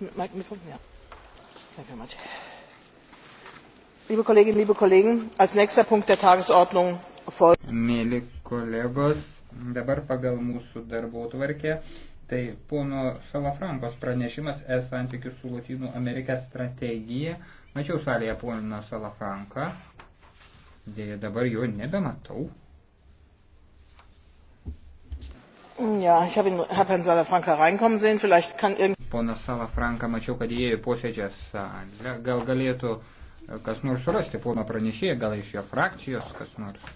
Hm, Microphone? Ja. Thank you very much. Liebe Kolleginnen, liebe Kollegen, als nächster Punkt der Tagesordnung folgt. Mėly kolegos, dabar pagal mūsų darbo tvarkę, tai pono Salafrankos pranešimas es santykių su Latinų Amerika strategija. Mačiau salėje pono Salafranką, dėja dabar jo nebematau. Ja, ich habe hab Herrn Salafranca reinkommen sehen. Vielleicht kann irgend Pona Sala Franka, mačiau, kad įėjo į posėdžią salę. Gal galėtų e, kas nors surasti pono pranešėją, gal iš jo frakcijos kas nors.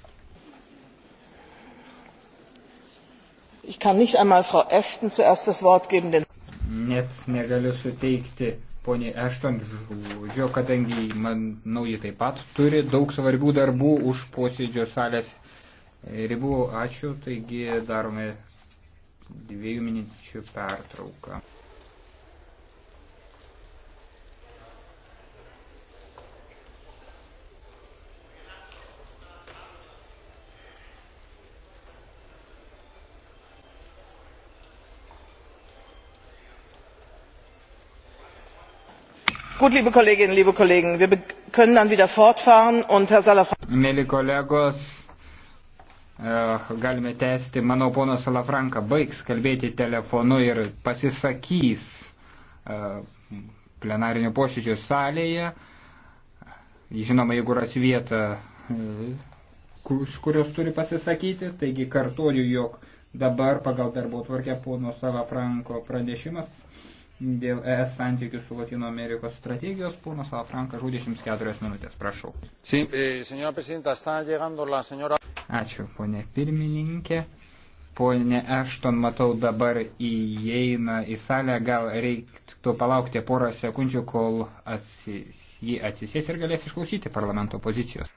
Ich kann nicht einmal Frau Ashton zuerst das Wort geben, denn net negaliu suteikti poniai Ešton žodžio, kadangi man nauji taip pat turi daug svarbių darbų už posėdžio salės ribų. Ačiū, taigi darome dviejų minučių pertrauką. Gut, liebe Kolleginnen, liebe Kollegen, wir können dann wieder fortfahren und Herr Salafranca. Mėly kolegos, e, galime tęsti. Manau, ponas Salafranka baigs kalbėti telefonu ir pasisakys e, plenarinio posėdžio salėje. Žinoma, jeigu ras vietą, iš e, kurios turi pasisakyti, taigi kartuoju, jog dabar pagal darbo tvarkę pono Salafranko pranešimas dėl ES santykių su Latino Amerikos strategijos. Ponas Alafranka, žodis jums keturios minutės, prašau. Sí, eh, Ačiū, ponė pirmininkė. Ponė Ešton, matau, dabar įeina į salę, gal reiktų palaukti porą sekundžių, kol atsis, ji atsisės ir galės išklausyti parlamento pozicijos.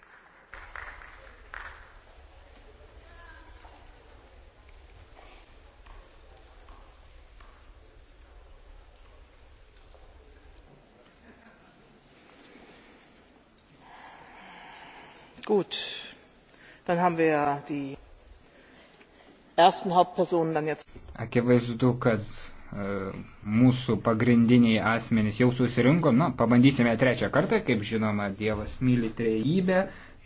gut dann haben wir die ersten hauptpersonen dann jetzt akivaizdu kad e, mūsų pagrindiniai asmenys jau susirinko, na, pabandysime trečią kartą, kaip žinoma, Dievas myli trejybę,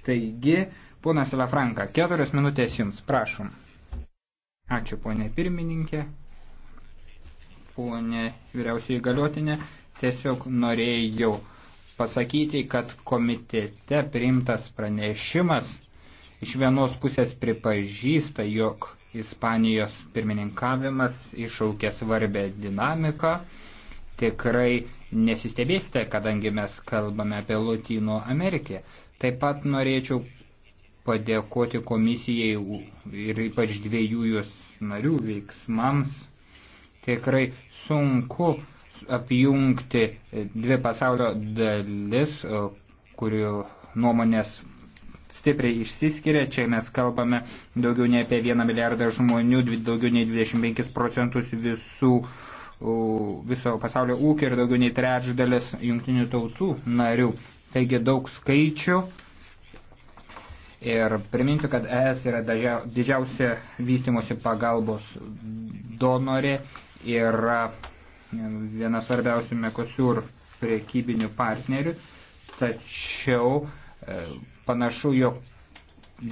taigi, ponas Lafranka, keturios minutės jums, prašom. Ačiū, ponė pirmininkė, ponė vyriausiai galiotinė, tiesiog norėjau uh, pasakyti, kad komitete priimtas pranešimas iš vienos pusės pripažįsta, jog Ispanijos pirmininkavimas išaukė svarbę dinamiką. Tikrai nesistebėsite, kadangi mes kalbame apie Latino Amerikę. Taip pat norėčiau padėkoti komisijai ir ypač dviejų jos narių veiksmams. Tikrai sunku uh, apjungti dvi pasaulio dalis, kurių nuomonės stipriai išsiskiria. Čia mes kalbame daugiau nei apie 1 milijardą žmonių, daugiau nei 25 procentus visų viso pasaulio ūkio ir daugiau nei trečdalis jungtinių tautų narių. Taigi daug skaičių. Ir priminsiu, kad ES yra didžiausia vystimosi pagalbos donorė ir viena svarbiausių Mekosur priekybinių partnerių, tačiau e, panašu, jog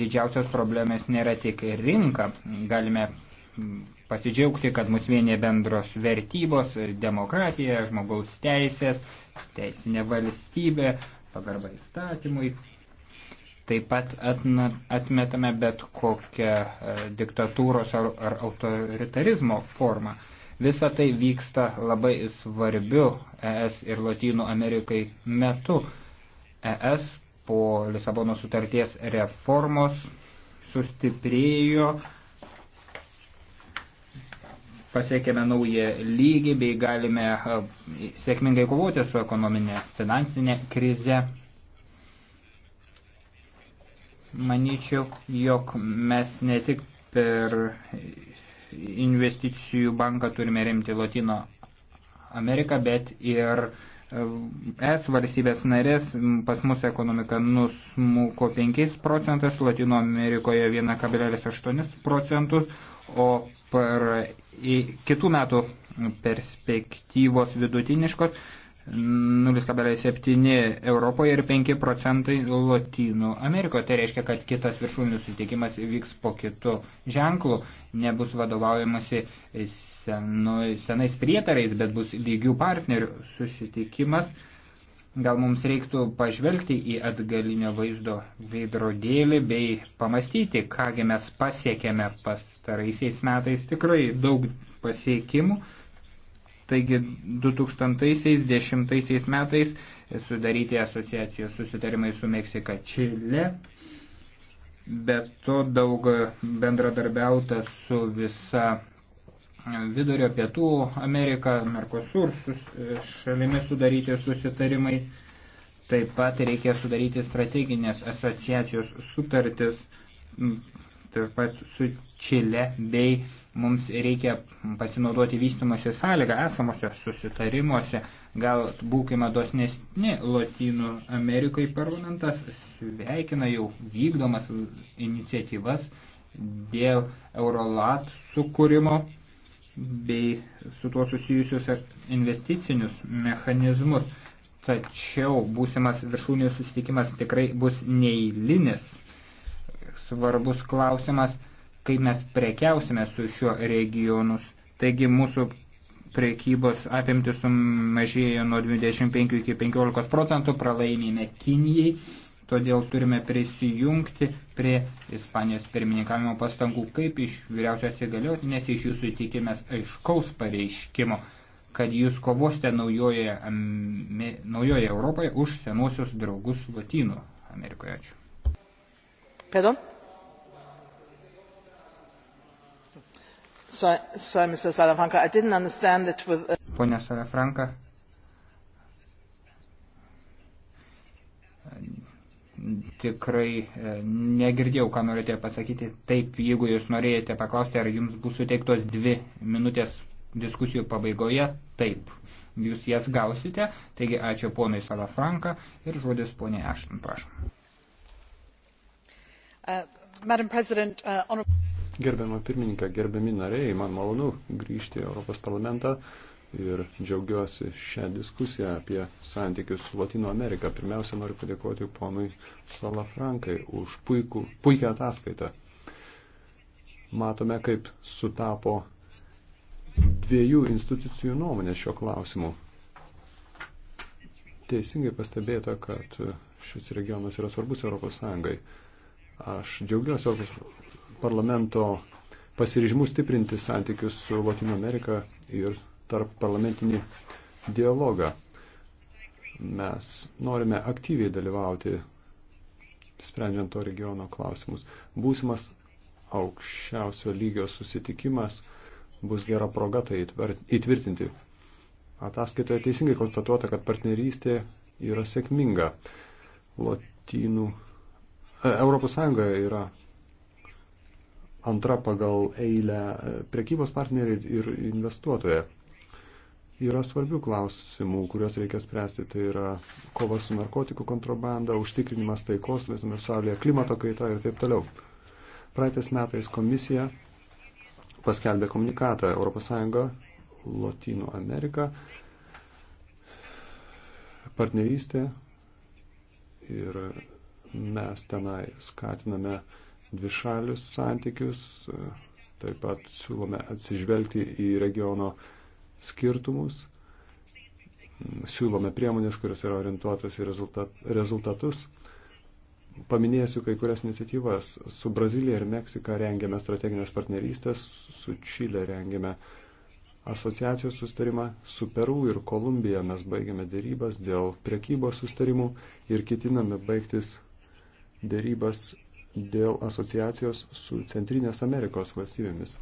didžiausios problemės nėra tik rinka. Galime pasidžiaugti, kad mus vienė bendros vertybos, demokratija, žmogaus teisės, teisinė valstybė, pagarba įstatymui. Taip pat atna, atmetame bet kokią e, diktatūros ar, ar autoritarizmo formą. Visa tai vyksta labai svarbiu ES ir Latino Amerikai metu. ES po Lisabono sutarties reformos sustiprėjo, pasiekėme naują lygį bei galime e, sėkmingai kovoti su ekonominė finansinė krize. Manyčiau, jog mes ne tik per investicijų banką turime remti Latino Ameriką, bet ir e, es valstybės narės, pas mus ekonomika nusmuko 5 procentus, Latino Amerikoje 1,8 procentus, o per kitų metų perspektyvos vidutiniškos 0,7 Europoje ir 5 procentai Latino Amerikoje. Tai reiškia, kad kitas viršūnių sutikimas vyks po kitų ženklų, nebus vadovaujamasi senu, senais prietarais, bet bus lygių partnerių susitikimas. Gal mums reiktų pažvelgti į atgalinio vaizdo veidrodėlį bei pamastyti, kągi mes pasiekėme pastaraisiais metais tikrai daug pasiekimų Taigi 2010 metais sudaryti asociacijos susitarimai su Meksika Čile, bet to daug bendradarbiauta su visa Vidurio Pietų Amerika, Mercosur šalimis sudaryti susitarimai. Taip pat reikia sudaryti strateginės asociacijos sutartis taip pat su Čile, bei mums reikia pasinaudoti vystimosi sąlygą esamose susitarimuose. Gal būkime dosnesni Latinų Amerikai parlamentas sveikina jau vykdomas iniciatyvas dėl Eurolat sukūrimo bei su tuo susijusius investicinius mechanizmus. Tačiau būsimas viršūnių susitikimas tikrai bus neįlinis svarbus klausimas, kaip mes prekiausime su šiuo regionus. Taigi mūsų prekybos apimtis sumažėjo nuo 25 iki 15 procentų, pralaimėjome Kinijai, todėl turime prisijungti prie Ispanijos pirmininkavimo pastangų, kaip iš vyriausios įgaliotinės iš jūsų tikimės aiškaus pareiškimo kad jūs kovosite naujoje, naujoje Europoje už senuosius draugus Latynų Amerikoje. Ačiū perdón sorry, sorry mr salafranca i didn't understand it with uh, ponia salafranca tikrai e, negirdėjau, ką norėjote pasakyti. Taip, jeigu jūs norėjote paklausti, ar jums bus suteiktos dvi minutės diskusijų pabaigoje, taip, jūs jas gausite. Taigi ačiū ponui Salafranka ir žodis poniai Ašton, prašom. Uh, uh, Gerbiama pirmininkė, gerbiami nariai, man malonu grįžti į Europos parlamentą ir džiaugiuosi šią diskusiją apie santykius su Latino Amerika. Pirmiausia, noriu padėkoti ponui Salafrankai už puikų, puikią ataskaitą. Matome, kaip sutapo dviejų institucijų nuomonės šio klausimu. Teisingai pastebėta, kad šis regionas yra svarbus Europos Sąjungai. Aš džiaugiuosi Europos parlamento pasiryžimų stiprinti santykius su Latino Amerika ir tarp parlamentinį dialogą. Mes norime aktyviai dalyvauti sprendžiant to regiono klausimus. Būsimas aukščiausio lygio susitikimas bus gera proga tai įtvirtinti. Ataskaitoje teisingai konstatuota, kad partnerystė yra sėkminga. Lotynų E, Europos Sąjunga yra antra pagal eilę e, prekybos partneriai ir investuotoja. Yra svarbių klausimų, kuriuos reikia spręsti. Tai yra kova su narkotikų kontrabanda, užtikrinimas taikos visame pasaulyje, klimato kaita ir taip toliau. Praeitais metais komisija paskelbė komunikatą ES, Latino Amerika, partnerystė ir Mes tenai skatiname dvišalius santykius, taip pat siūlome atsižvelgti į regiono skirtumus, siūlome priemonės, kurios yra orientuotas į rezultat, rezultatus. Paminėsiu kai kurias iniciatyvas. Su Brazilija ir Meksika rengiame strateginės partnerystės, su Čilė rengiame asociacijos sustarimą, su Peru ir Kolumbija mes baigiame dėrybas dėl prekybos sustarimų ir ketiname baigtis dėrybas dėl asociacijos su Centrinės Amerikos valstybėmis.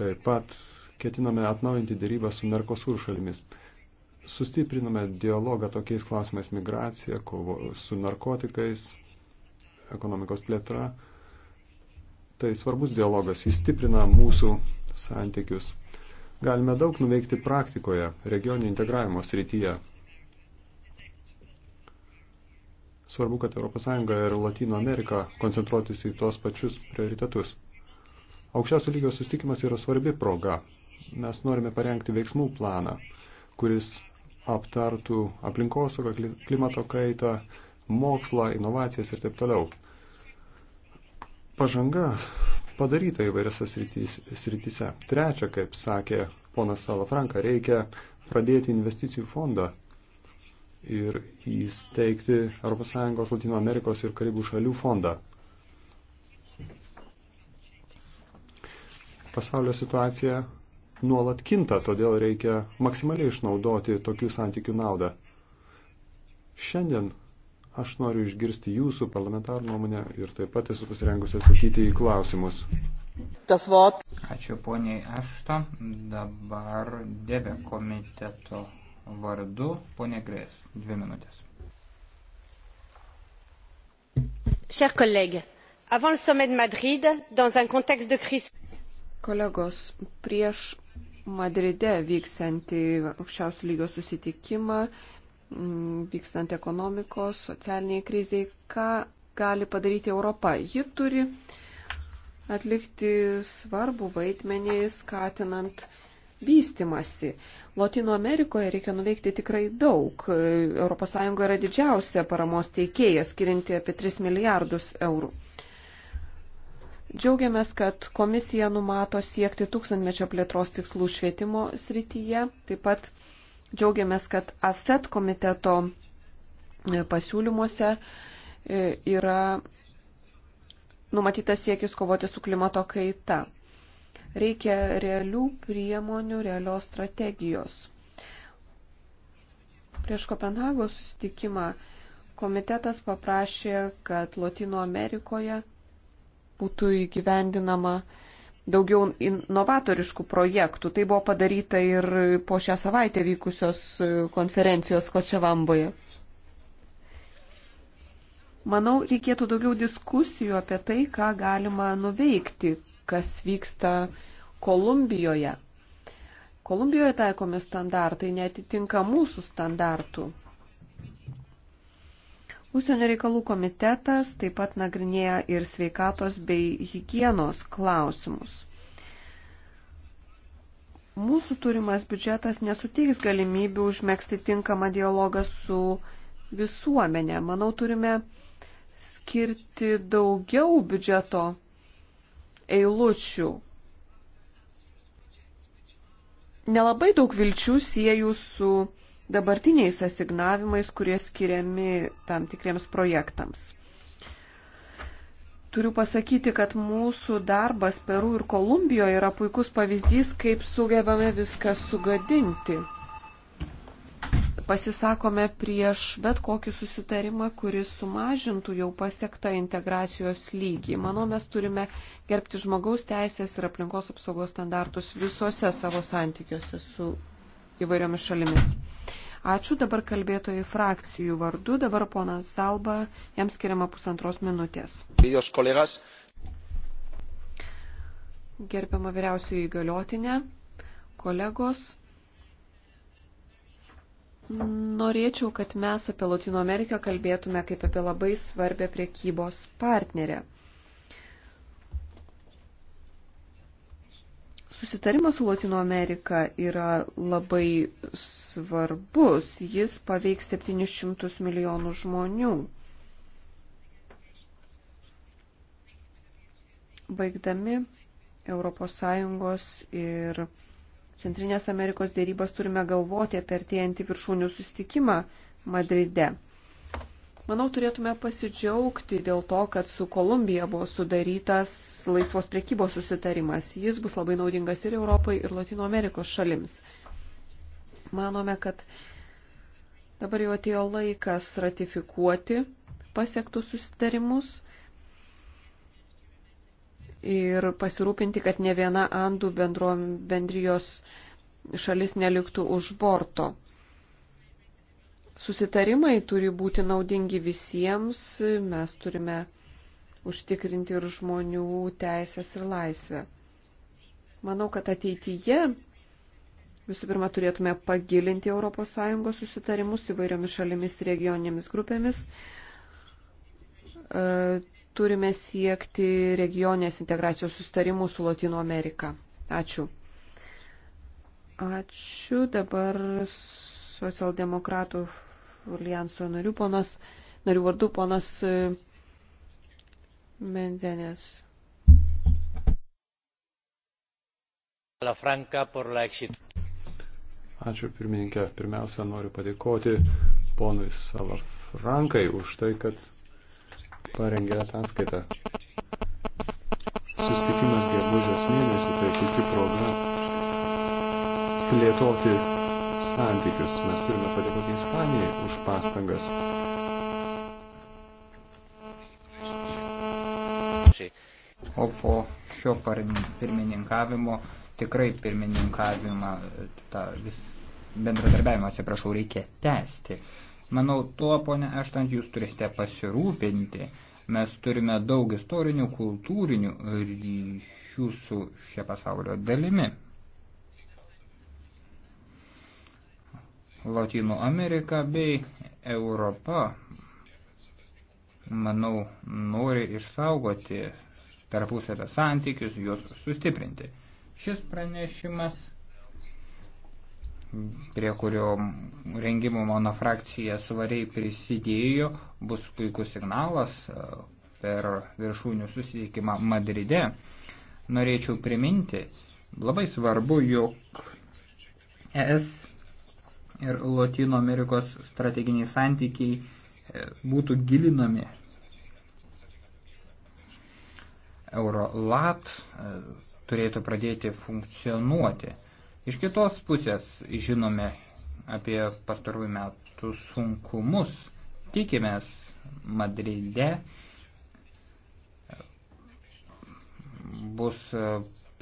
Taip pat ketiname atnaujinti dėrybą su Merkosur šalimis. Sustiprinome dialogą tokiais klausimais migracija, kovo su narkotikais, ekonomikos plėtra. Tai svarbus dialogas, jis stiprina mūsų santykius. Galime daug nuveikti praktikoje, regioninio integravimo srityje, Svarbu, kad ES ir Latino Amerika koncentruotųsi į tuos pačius prioritetus. Aukščiausio lygio sustikimas yra svarbi proga. Mes norime parengti veiksmų planą, kuris aptartų aplinkosaugą, klimato kaitą, mokslą, inovacijas ir taip toliau. Pažanga padaryta įvairiose srityse. Trečia, kaip sakė ponas Salafranka, reikia pradėti investicijų fondą ir įsteigti ES Latino Amerikos ir Karibų šalių fondą. Pasaulio situacija nuolat kinta, todėl reikia maksimaliai išnaudoti tokių santykių naudą. Šiandien aš noriu išgirsti jūsų parlamentarų nuomonę ir taip pat esu pasirengusi atsakyti į klausimus. Tas vot. Ačiū poniai Ašto. Dabar dėvė komiteto vardu ponė Grės. Dvi minutės. Chers collègues, avant le sommet de Madrid, dans un contexte de crise. Kolegos, prieš Madride vyksiantį aukščiausių lygio susitikimą, mm, vykstant ekonomikos, socialiniai kriziai, ką gali padaryti Europa? Ji turi atlikti svarbų vaidmenį, skatinant vystimasi. Latino Amerikoje reikia nuveikti tikrai daug. ES yra didžiausia paramos teikėja, skirinti apie 3 milijardus eurų. Džiaugiamės, kad komisija numato siekti tūkstantmečio plėtros tikslų švietimo srityje. Taip pat džiaugiamės, kad AFET komiteto e, pasiūlymuose e, yra numatytas siekis kovoti su klimato kaita. Reikia realių priemonių, realios strategijos. Prieš Kopenhagos susitikimą komitetas paprašė, kad Latino Amerikoje būtų įgyvendinama daugiau inovatoriškų projektų. Tai buvo padaryta ir po šią savaitę vykusios konferencijos Kočiavamboje. Manau, reikėtų daugiau diskusijų apie tai, ką galima nuveikti, kas vyksta Kolumbijoje. Kolumbijoje taikomi standartai netitinka mūsų standartų. Užsienio reikalų komitetas taip pat nagrinėja ir sveikatos bei hygienos klausimus. Mūsų turimas biudžetas nesuteiks galimybių užmėgsti tinkamą dialogą su visuomenė. Manau, turime skirti daugiau biudžeto eilučių. Nelabai daug vilčių siejų su dabartiniais asignavimais, kurie skiriami tam tikriems projektams. Turiu pasakyti, kad mūsų darbas Peru ir Kolumbijoje yra puikus pavyzdys, kaip sugebame viską sugadinti pasisakome prieš bet kokį susitarimą, kuris sumažintų jau pasiektą integracijos lygį. Manau, mes turime gerbti žmogaus teisės ir aplinkos apsaugos standartus visose savo santykiuose su įvairiomis šalimis. Ačiū dabar kalbėtojai frakcijų vardu, dabar ponas Zalba, jam skiriama pusantros minutės. Gerbiama vyriausioji įgaliotinė, kolegos Norėčiau, kad mes apie Latino Ameriką kalbėtume kaip apie labai svarbę priekybos partnerę. Susitarimas su Latino Amerika yra labai svarbus. Jis paveiks 700 milijonų žmonių. Baigdami ES ir Centrinės Amerikos dėrybas turime galvoti apie artėjantį viršūnių sustikimą Madride. Manau, turėtume pasidžiaugti dėl to, kad su Kolumbija buvo sudarytas laisvos priekybos susitarimas. Jis bus labai naudingas ir Europai, ir Latino Amerikos šalims. Manome, kad dabar jau atėjo laikas ratifikuoti pasiektus susitarimus ir pasirūpinti, kad ne viena Andų bendrom, bendrijos šalis neliktų už borto. Susitarimai turi būti naudingi visiems, mes turime užtikrinti ir žmonių teisės ir laisvę. Manau, kad ateityje visų pirma turėtume pagilinti ES susitarimus įvairiomis šalimis ir regioninėmis grupėmis. E, turime siekti regionės integracijos sustarimų su Latino Amerika. Ačiū. Ačiū dabar socialdemokratų alijanso narių, ponas, narių vardu ponas e, Mendenės. Ačiū pirmininkė. Pirmiausia, noriu padėkoti ponui Salafrankai už tai, kad parengė ataskaitą. Sustikimas gegužės mėnesį tai puikia proga plėtoti santykius. Mes turime padėkoti Ispanijai už pastangas. O po šio pirmininkavimo tikrai pirmininkavimą, tą vis, bendradarbiavimą, atsiprašau, reikia tęsti. Manau, tuo, ponė Eštant, jūs turėsite pasirūpinti. Mes turime daug istorinių, kultūrinių ryšių su šia pasaulio dalimi. Latino Amerika bei Europa, manau, nori išsaugoti tarpusavę santykius, juos sustiprinti. Šis pranešimas prie kurio rengimo mano frakcija svariai prisidėjo, bus puikus signalas e, per viršūnių susitikimą Madride. Norėčiau priminti, labai svarbu, jog ES ir Latino Amerikos strateginiai santykiai e, būtų gilinami. Eurolat e, turėtų pradėti funkcionuoti. Iš kitos pusės žinome apie pastarųjų metų sunkumus. Tikimės Madride bus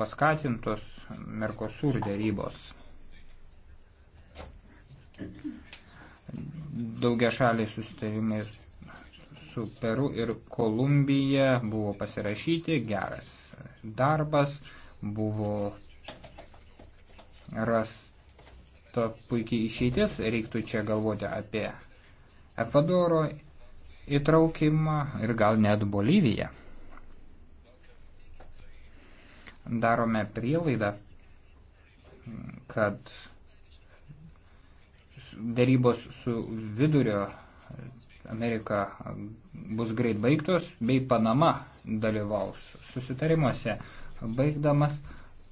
paskatintos Merkosur dėrybos. Daugia šaliai sustarimai su Peru ir Kolumbija buvo pasirašyti, geras darbas, buvo rasta puikiai išeitis, reiktų čia galvoti apie Ekvadoro įtraukimą ir gal net Boliviją. Darome prielaidą, kad darybos su vidurio Amerika bus greit baigtos, bei Panama dalyvaus susitarimuose. Baigdamas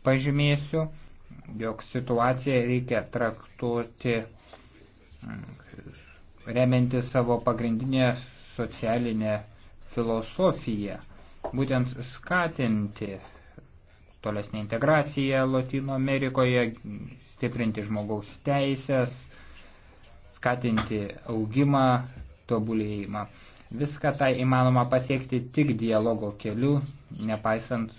pažymėsiu, jog situaciją reikia traktuoti mm, remianti savo pagrindinę socialinę filosofiją, būtent skatinti tolesnį integraciją Latino Amerikoje, stiprinti žmogaus teisės, skatinti augimą, tobulėjimą. Viską tai įmanoma pasiekti tik dialogo keliu, nepaisant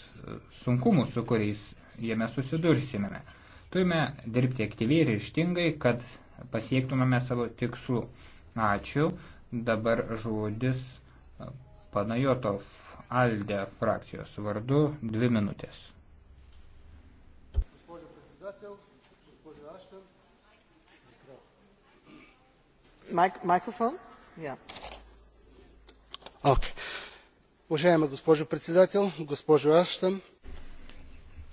sunkumų, su kuriais jame susidursime. Turime dirbti aktyviai ir ištingai, kad pasiektumėme savo tikslų. Ačiū. Dabar žodis Panajotov Alde frakcijos vardu dvi minutės. Уважаема госпожо председател, госпожо Аштън.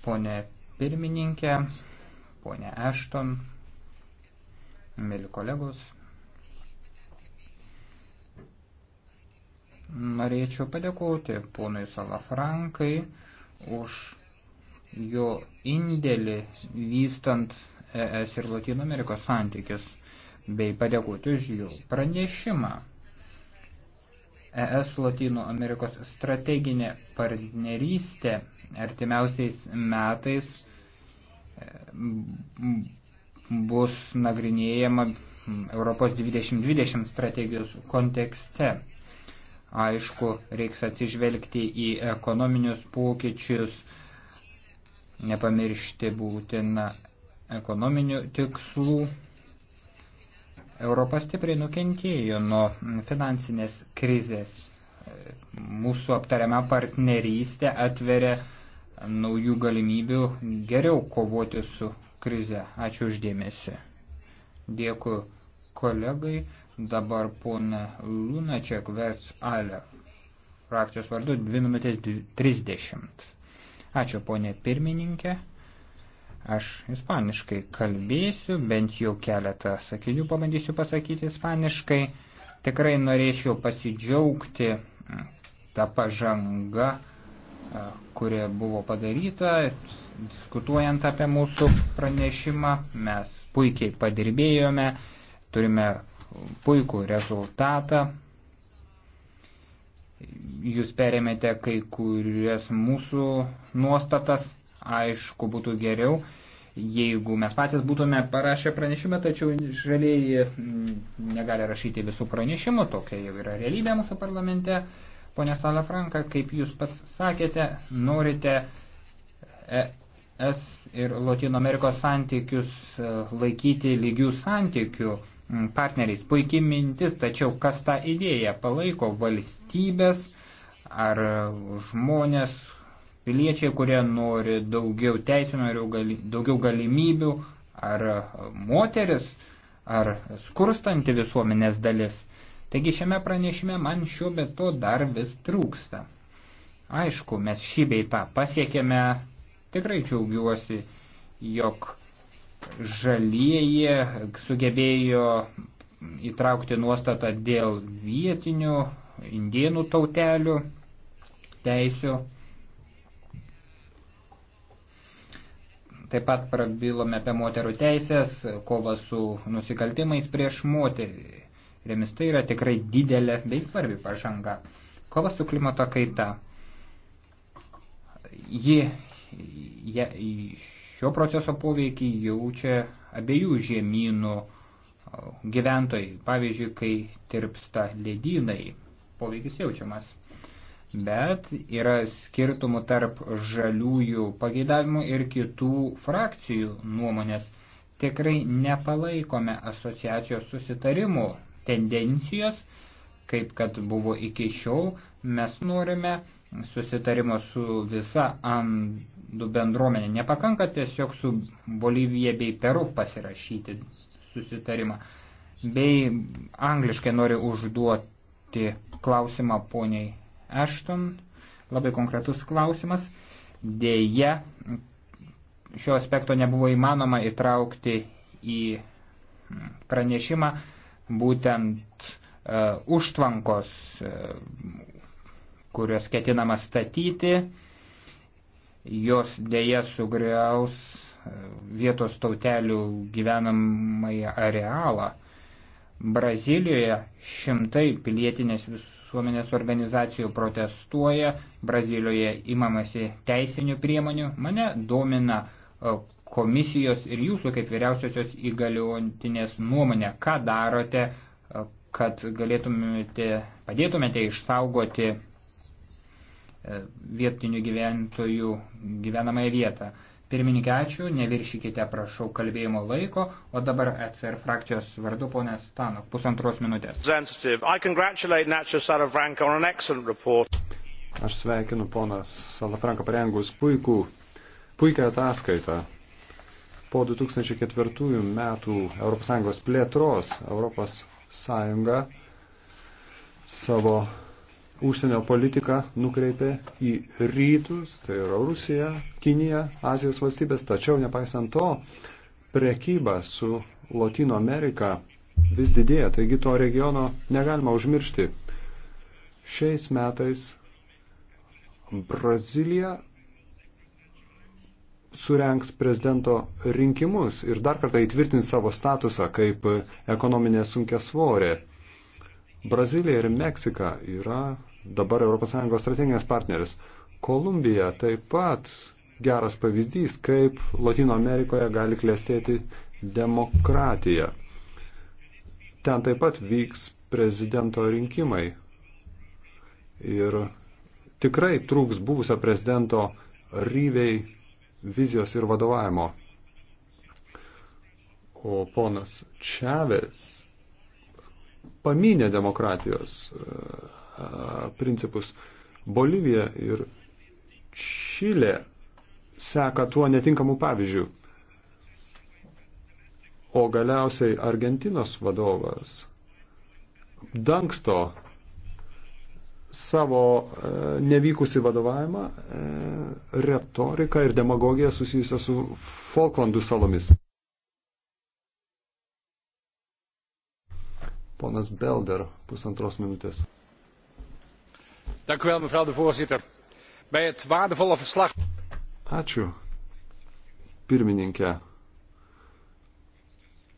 Поне пирмininkė, ponė Ešton, mėly kolegos. Norėčiau padėkoti ponui Salafrankai už jo indėlį vystant ES ir Latino Amerikos santykis, bei padėkoti už jų pranešimą. ES Latino Amerikos strateginė partnerystė artimiausiais metais bus nagrinėjama Europos 2020 strategijos kontekste. Aišku, reiks atsižvelgti į ekonominius pokyčius, nepamiršti būtina ekonominių tikslų. Europa stipriai nukentėjo nuo finansinės krizės. Mūsų aptariama partnerystė atveria naujų galimybių geriau kovoti su krize. Ačiū uždėmesi. Dėkui kolegai. Dabar pona Lunačiak Vets Ale. Frakcijos vardu 2 minutės 30. Ačiū ponė pirmininkė. Aš ispaniškai kalbėsiu, bent jau keletą sakinių pabandysiu pasakyti ispaniškai. Tikrai norėčiau pasidžiaugti mm, tą pažangą kurie buvo padaryta, diskutuojant apie mūsų pranešimą. Mes puikiai padirbėjome, turime puikų rezultatą. Jūs perėmėte kai kurias mūsų nuostatas, aišku, būtų geriau, jeigu mes patys būtume parašę pranešimą, tačiau žaliai mm, negali rašyti visų pranešimų, tokia jau yra realybė mūsų parlamente. Pone Salafranka, kaip jūs pats sakėte, norite ES ir Latino Amerikos santykius e, laikyti lygių santykių partneriais. Puikiai mintis, tačiau kas tą idėją palaiko valstybės ar žmonės, piliečiai, kurie nori daugiau teisų, nori daugiau galimybių, ar moteris, ar skurstanti visuomenės dalis. Taigi šiame pranešime man šiuo metu dar vis trūksta. Aišku, mes šį beitą pasiekėme, tikrai džiaugiuosi, jog žalieji sugebėjo įtraukti nuostatą dėl vietinių indienų tautelių teisių. Taip pat prabilome apie moterų teisės, kovą su nusikaltimais prieš moterį kuriomis tai yra tikrai didelė bei svarbi pažanga. Kova su klimato kaita. Ji, je, šio proceso poveikį jaučia abiejų žemynų gyventojai. Pavyzdžiui, kai tirpsta ledynai, poveikis jaučiamas. Bet yra skirtumų tarp žaliųjų pageidavimų ir kitų frakcijų nuomonės. Tikrai nepalaikome asociacijos susitarimų tendencijos, kaip kad buvo iki šiol. Mes norime susitarimo su visa Andų bendruomenė. Nepakanka tiesiog su Bolivija bei Peru pasirašyti susitarimą. Bei angliškai noriu užduoti klausimą poniai Ashton. Labai konkretus klausimas. Deja, šio aspekto nebuvo įmanoma įtraukti į pranešimą būtent uh, užtvankos, uh, e, kurios ketinama statyti, jos dėja sugriaus e, vietos tautelių gyvenamąją arealą. Brazilijoje šimtai pilietinės visuomenės organizacijų protestuoja, Brazilijoje imamasi teisinių priemonių. Mane domina, komisijos ir jūsų kaip vyriausiosios įgaliotinės nuomonę, ką darote, e, kad galėtumėte, padėtumėte išsaugoti e, vietinių gyventojų gyvenamąją vietą. Pirmininkė, ačiū, neviršykite, prašau, kalbėjimo laiko, o dabar ECR frakcijos vardu ponės Stano, pusantros minutės. Aš sveikinu poną Salafranką parengus puikų, puikią ataskaitą po 2004 metų ES plėtros ES savo užsienio politiką nukreipė į rytus, tai yra Rusija, Kinija, Azijos valstybės, tačiau nepaisant to, prekyba su Latino Amerika vis didėja, taigi to regiono negalima užmiršti. Šiais metais Brazilija surenks prezidento rinkimus ir dar kartą įtvirtins savo statusą kaip ekonominė sunkia svorė. Brazilija ir Meksika yra dabar ES strateginės partneris. Kolumbija taip pat geras pavyzdys, kaip Latino Amerikoje gali klėstėti demokratija. Ten taip pat vyks prezidento rinkimai. Ir tikrai trūks buvusio prezidento Ryvei vizijos ir vadovavimo. O ponas Čiavės paminė demokratijos e, principus. Bolivija ir Čilė seka tuo netinkamu pavyzdžiu. O galiausiai Argentinos vadovas dangsto savo e, nevykusi vadovavimą, e, retoriką ir demagogiją susijusią su Falklandų salomis. Ponas Belder, pusantros minutės. Dank u wel, mevrouw de voorzitter. Bij het waardevolle verslag. Ačiū, pirmininkė.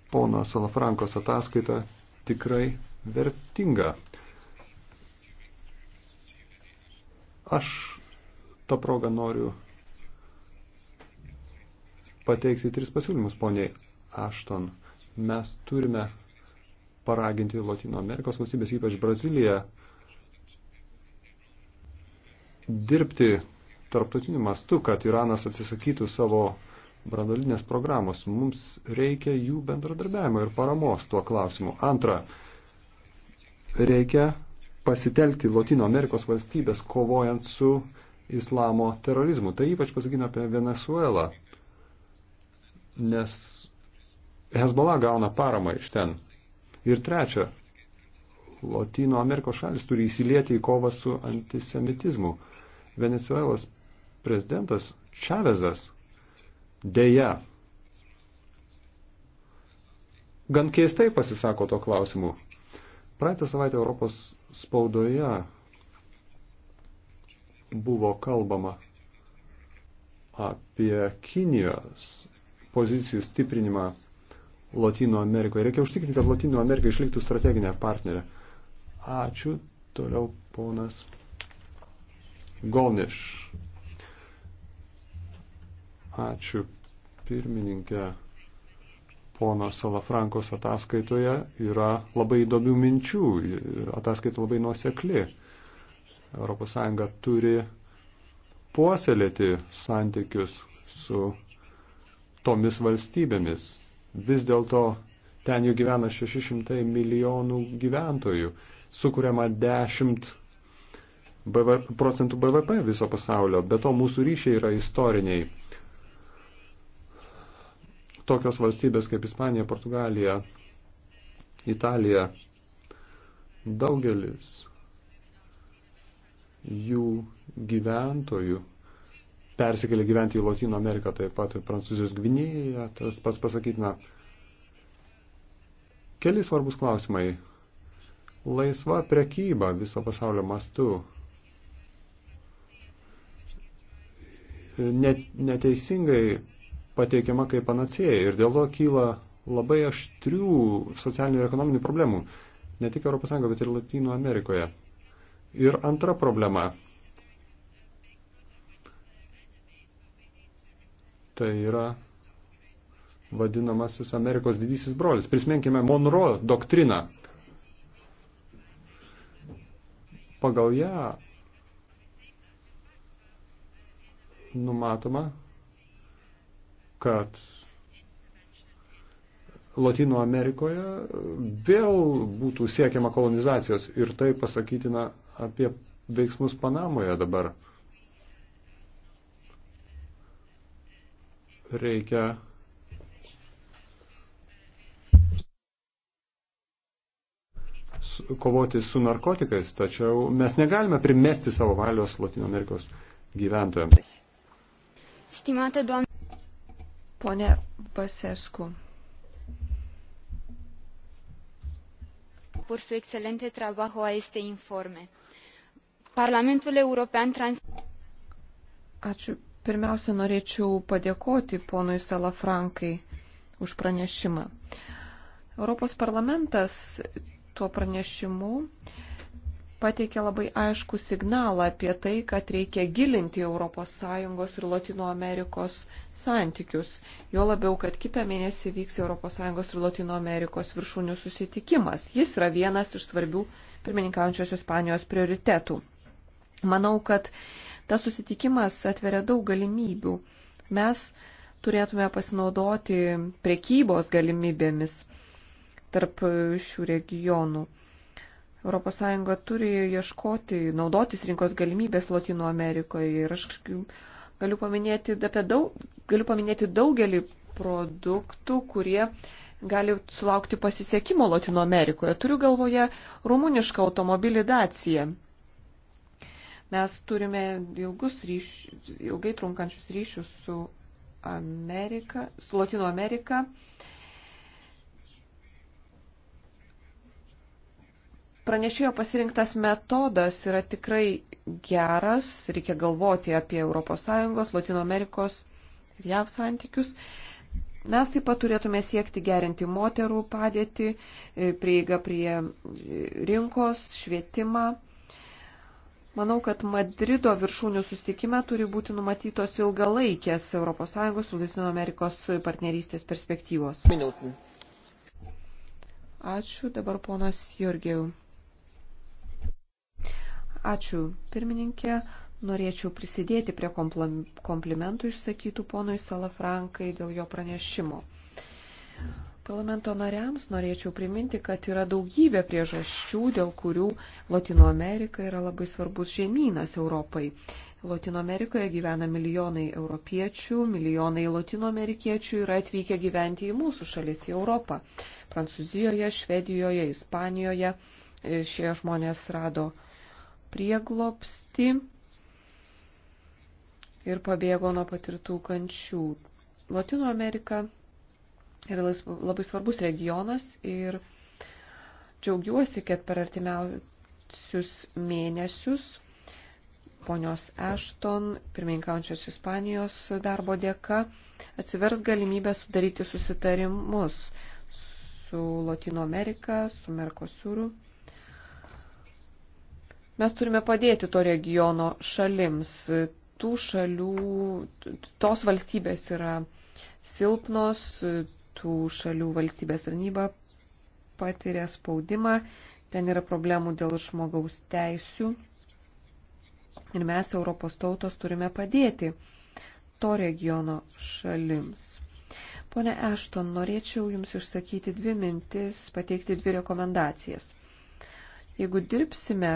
Pono Salafrankos ataskaita tikrai vertinga. Aš tą progą noriu pateikti tris pasiūlymus, poniai Ašton. Mes turime paraginti Latino Amerikos valstybės, ypač Braziliją, dirbti tarptautiniu mastu, kad Iranas atsisakytų savo brandolinės programos. Mums reikia jų bendradarbiavimo ir paramos tuo klausimu. Antra, reikia pasitelkti Latino Amerikos valstybės kovojant su islamo terorizmu. Tai ypač pasakina apie Venezuelą, nes Hezbollah gauna paramą iš ten. Ir trečia, Latino Amerikos šalis turi įsilieti į kovą su antisemitizmu. Venezuelos prezidentas Čavezas dėja gan keistai pasisako to klausimu. Praeitą savaitę Europos spaudoje buvo kalbama apie Kinijos pozicijų stiprinimą Latino Amerikoje. Reikia užtikrinti, kad Latino Amerika išliktų strateginę partnerę. Ačiū. Toliau ponas Golniš. Ačiū pirmininkė pono Salafrankos ataskaitoje yra labai įdomių minčių. Ataskaita labai nuosekli. ES turi puoselėti santykius su tomis valstybėmis. Vis dėlto ten jų gyvena 600 milijonų gyventojų, sukuriama 10 BV, procentų BVP viso pasaulio, be to mūsų ryšiai yra istoriniai tokios valstybės kaip Ispanija, Portugalija, Italija, daugelis jų gyventojų persikėlė gyventi į Latino Ameriką, taip pat ir Prancūzijos Gvinėje, tas pats pasakytina. Keli svarbus klausimai. Laisva prekyba viso pasaulio mastu. Net, neteisingai pateikiama kaip panacėja ir dėl to kyla labai aštrių socialinių ir ekonominių problemų, ne tik ES, bet ir Latino Amerikoje. Ir antra problema tai yra vadinamasis Amerikos didysis brolis. Prisiminkime Monroe doktriną. Pagal ją numatoma, kad Latino Amerikoje vėl būtų siekiama kolonizacijos ir tai pasakytina apie veiksmus Panamoje dabar. Reikia kovoti su narkotikais, tačiau mes negalime primesti savo valios Latino Amerikos gyventojams. Stimate, doamne. Pone Pasesku. Por su excelente trabajo a este informe. Parlamentul European trans... Ačiū. Pirmiausia, norėčiau padėkoti ponui Salafrankai už pranešimą. Europos parlamentas tuo pranešimu uh, pateikė labai aišku signalą apie tai, kad reikia gilinti ES ir Latino Amerikos santykius. Jo labiau, kad kitą mėnesį vyks ES ir Latino Amerikos viršūnių susitikimas. Jis yra vienas iš svarbių pirmininkaujančios Ispanijos prioritetų. Manau, kad tas susitikimas atveria daug galimybių. Mes turėtume pasinaudoti prekybos galimybėmis tarp šių regionų. ES turi ieškoti, naudotis rinkos galimybės Latino Amerikoje. Ir aš galiu paminėti, daug, galiu paminėti daugelį produktų, kurie gali sulaukti pasisekimo Latino Amerikoje. Turiu galvoje rumunišką automobilį Daciją. Mes turime ilgus ryšius, ilgai trunkančius ryšius su Amerika, su Latino Amerika. Uh, Pranešėjo pasirinktas metodas yra tikrai geras, reikia galvoti apie ES, Latino Amerikos ir JAV santykius. Mes taip pat turėtume siekti gerinti moterų padėtį, e, prieigą prie e, rinkos, švietimą. Manau, kad Madrido viršūnių susitikime turi būti numatytos ilgalaikės ES ir Latino Amerikos partnerystės perspektyvos. Minutin. Ačiū dabar ponas Jurgiau. Ačiū, pirmininkė. Norėčiau prisidėti prie komplimentų išsakytų ponui Salafrankai dėl jo pranešimo. Parlamento nariams norėčiau priminti, kad yra daugybė priežasčių, dėl kurių Latino Amerika yra labai svarbus žemynas Europai. Latino Amerikoje gyvena milijonai europiečių, milijonai latino amerikiečių yra atvykę gyventi į mūsų šalis, į Europą. Prancūzijoje, Švedijoje, Ispanijoje e, šie žmonės rado prieglopsti ir pabėgo nuo patirtų kančių. Latino Amerika yra labai svarbus regionas ir džiaugiuosi, kad per artimiausius mėnesius ponios Ashton, pirmininkaujančios Ispanijos darbo dėka, atsivers galimybę sudaryti susitarimus su Latino Amerika, su Merkosūru Mes turime padėti to regiono šalims. Tų šalių, tos valstybės yra silpnos, tų šalių valstybės tarnyba patiria spaudimą, ten yra problemų dėl žmogaus teisių. Ir mes, Europos tautos, turime padėti to regiono šalims. Pone Ešton, norėčiau Jums išsakyti dvi mintis, pateikti dvi rekomendacijas. Jeigu dirbsime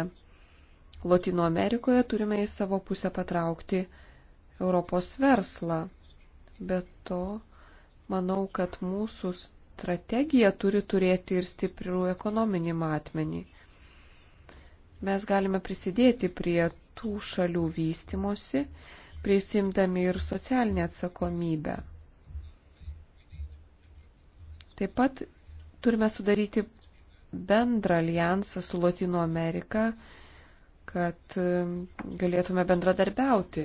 Latino Amerikoje turime į savo pusę patraukti Europos verslą. Bet to manau, kad mūsų strategija turi turėti ir stiprių ekonominį matmenį. Mes galime prisidėti prie tų šalių vystimosi, prisimdami ir socialinę atsakomybę. Taip pat turime sudaryti bendrą alijansą su Latino Amerika, kad e, galėtume bendradarbiauti.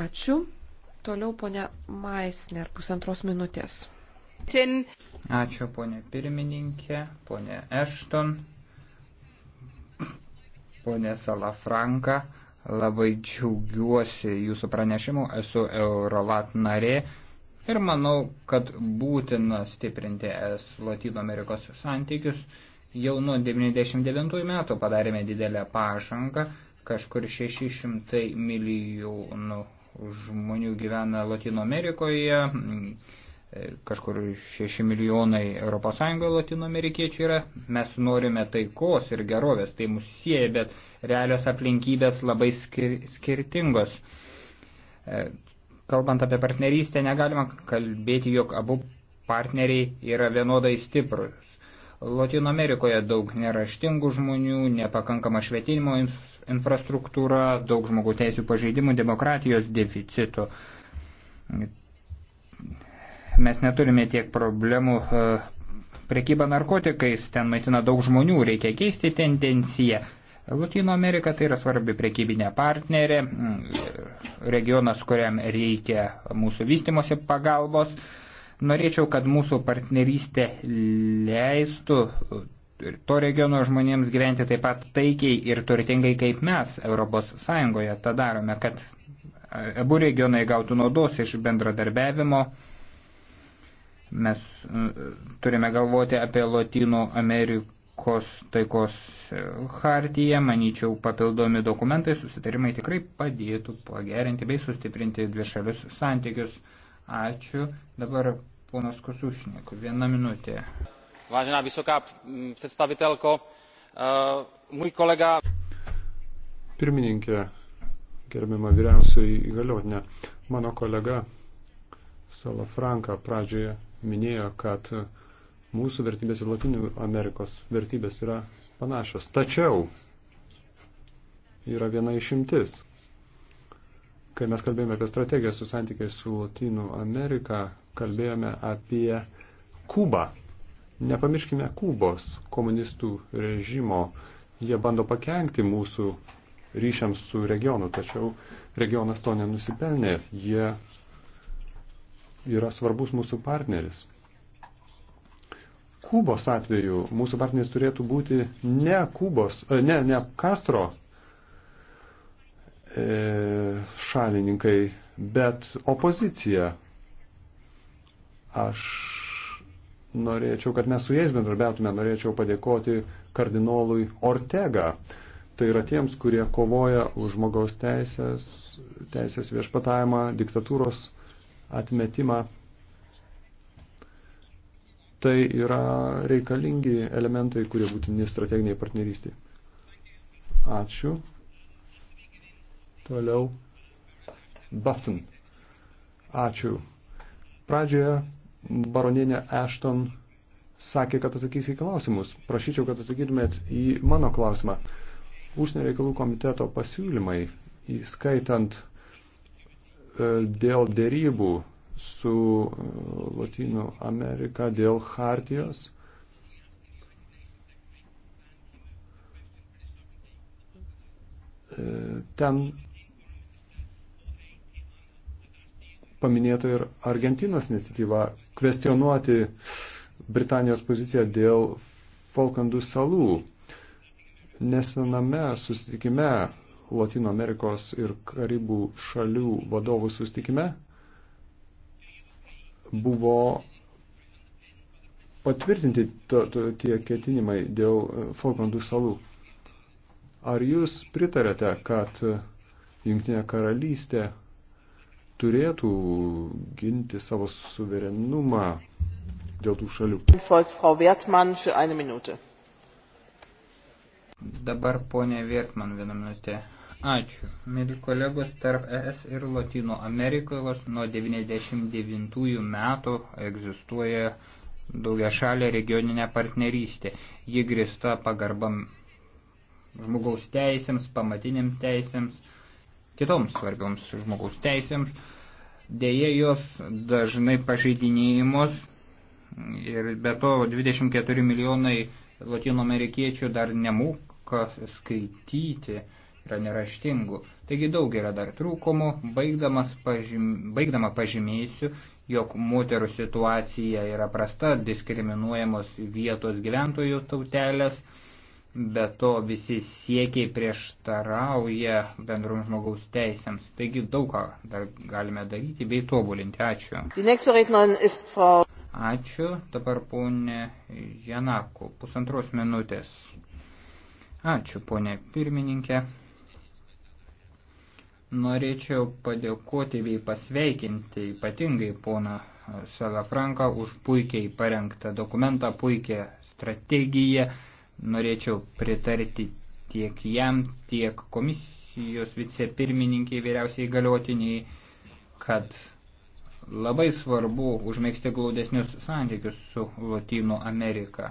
Ačiū. Toliau ponia Maisner, pusantros minutės. Ačiū ponia pirmininkė, ponia Ešton, ponia Salafranka. Labai džiaugiuosi jūsų pranešimu, esu Eurolat narė ir manau, kad būtina stiprinti es Latino Amerikos santykius Jau nuo 99 metų padarėme didelę pažangą, kažkur 600 milijonų žmonių gyvena Latino Amerikoje, kažkur 6 milijonai ES Latino Amerikiečių yra. Mes norime taikos ir gerovės, tai mus sieja, bet realios aplinkybės labai skir skirtingos. E, kalbant apie partnerystę, negalima kalbėti, jog abu partneriai yra vienodai stiprus. Latino Amerikoje daug neraštingų žmonių, nepakankama švietimo infrastruktūra, daug žmogų teisų pažeidimų, demokratijos deficitų. Mes neturime tiek problemų e, prekyba narkotikais, ten maitina daug žmonių, reikia keisti tendenciją. Latino Amerika tai yra svarbi prekybinė partnerė, e, regionas, kuriam reikia mūsų vystimosi pagalbos. Norėčiau, kad mūsų partnerystė leistų to regiono žmonėms gyventi taip pat taikiai ir turtingai kaip mes ES tą darome, kad abu regionai gautų naudos iš bendradarbiavimo. Mes e, turime galvoti apie Lotynų Amerikos taikos hartiją. Manyčiau, papildomi dokumentai, susitarimai tikrai padėtų pagerinti bei sustiprinti dvišalius santykius. Ačiū. Dabar Ponas Kusušnik, viena minutė. Vážená vysoká mm, predstavitelko, eh, můj kolega. Pirmininkė, gerbima vyriausiai įgaliotinė, mano kolega Salafranka pradžioje minėjo, kad mūsų vertybės ir Latinų Amerikos vertybės yra panašios. Tačiau yra viena išimtis kai mes kalbėjome apie strategiją su santykiais su Latinų Amerika, kalbėjome apie Kubą. Nepamirškime Kubos komunistų režimo. Jie bando pakengti mūsų ryšiams su regionu, tačiau regionas to nenusipelnė. Jie yra svarbus mūsų partneris. Kubos atveju mūsų partneris turėtų būti ne Kubos, e, ne, ne Castro E, šalininkai, bet opozicija. Aš norėčiau, kad mes su jais bendrabiautume, norėčiau padėkoti kardinolui Ortega. Tai yra tiems, kurie kovoja už žmogaus teisės, teisės viešpatavimą, diktatūros atmetimą. Tai yra reikalingi elementai, kurie būtini strateginiai partnerystiai. Ačiū. Toliau Bafton. Ačiū. Pradžioje baronienė Ashton sakė, kad atsakys į klausimus. Prašyčiau, kad atsakytumėt į mano klausimą. Užsienio reikalų komiteto pasiūlymai, įskaitant e, dėl dėrybų su e, Latino Amerika, dėl Hartijos, e, ten paminėta ir Argentinos iniciatyva kvestionuoti Britanijos poziciją dėl Falklandų salų. Nesename susitikime Latino Amerikos ir Karibų šalių vadovų susitikime buvo patvirtinti to, to, tie ketinimai dėl Falklandų salų. Ar jūs pritarėte, kad Junktinė karalystė turėtų ginti savo suverenumą dėl tų šalių. Dabar ponė Viertman vieną minutę. Ačiū. Mėly kolegos, tarp ES ir Latino Amerikos nuo 99 metų egzistuoja daugia šalė regioninė partnerystė. Ji grista pagarbam žmogaus teisėms, pamatiniam teisėms kitoms svarbioms žmogaus teisėms. Deja, jos dažnai pažeidinėjimos ir be to 24 milijonai latino amerikiečių dar nemoka skaityti, yra neraštingų. Taigi daug yra dar trūkumų. Pažym, baigdama pažymėsiu, jog moterų situacija yra prasta, diskriminuojamos vietos gyventojų tautelės be to visi siekiai prieštarauja bendrom žmogaus teisėms. Taigi daug ką dar galime daryti bei tobulinti. Ačiū. Ačiū. Dabar ponė Žanaku, pusantros minutės. Ačiū, ponė pirmininkė. Norėčiau padėkoti bei pasveikinti ypatingai poną Salafranką už puikiai parengtą dokumentą, puikią strategiją norėčiau pritarti tiek jam, tiek komisijos vicepirmininkiai vyriausiai galiotiniai, kad labai svarbu užmėgsti glaudesnius santykius su Lotynų Amerika.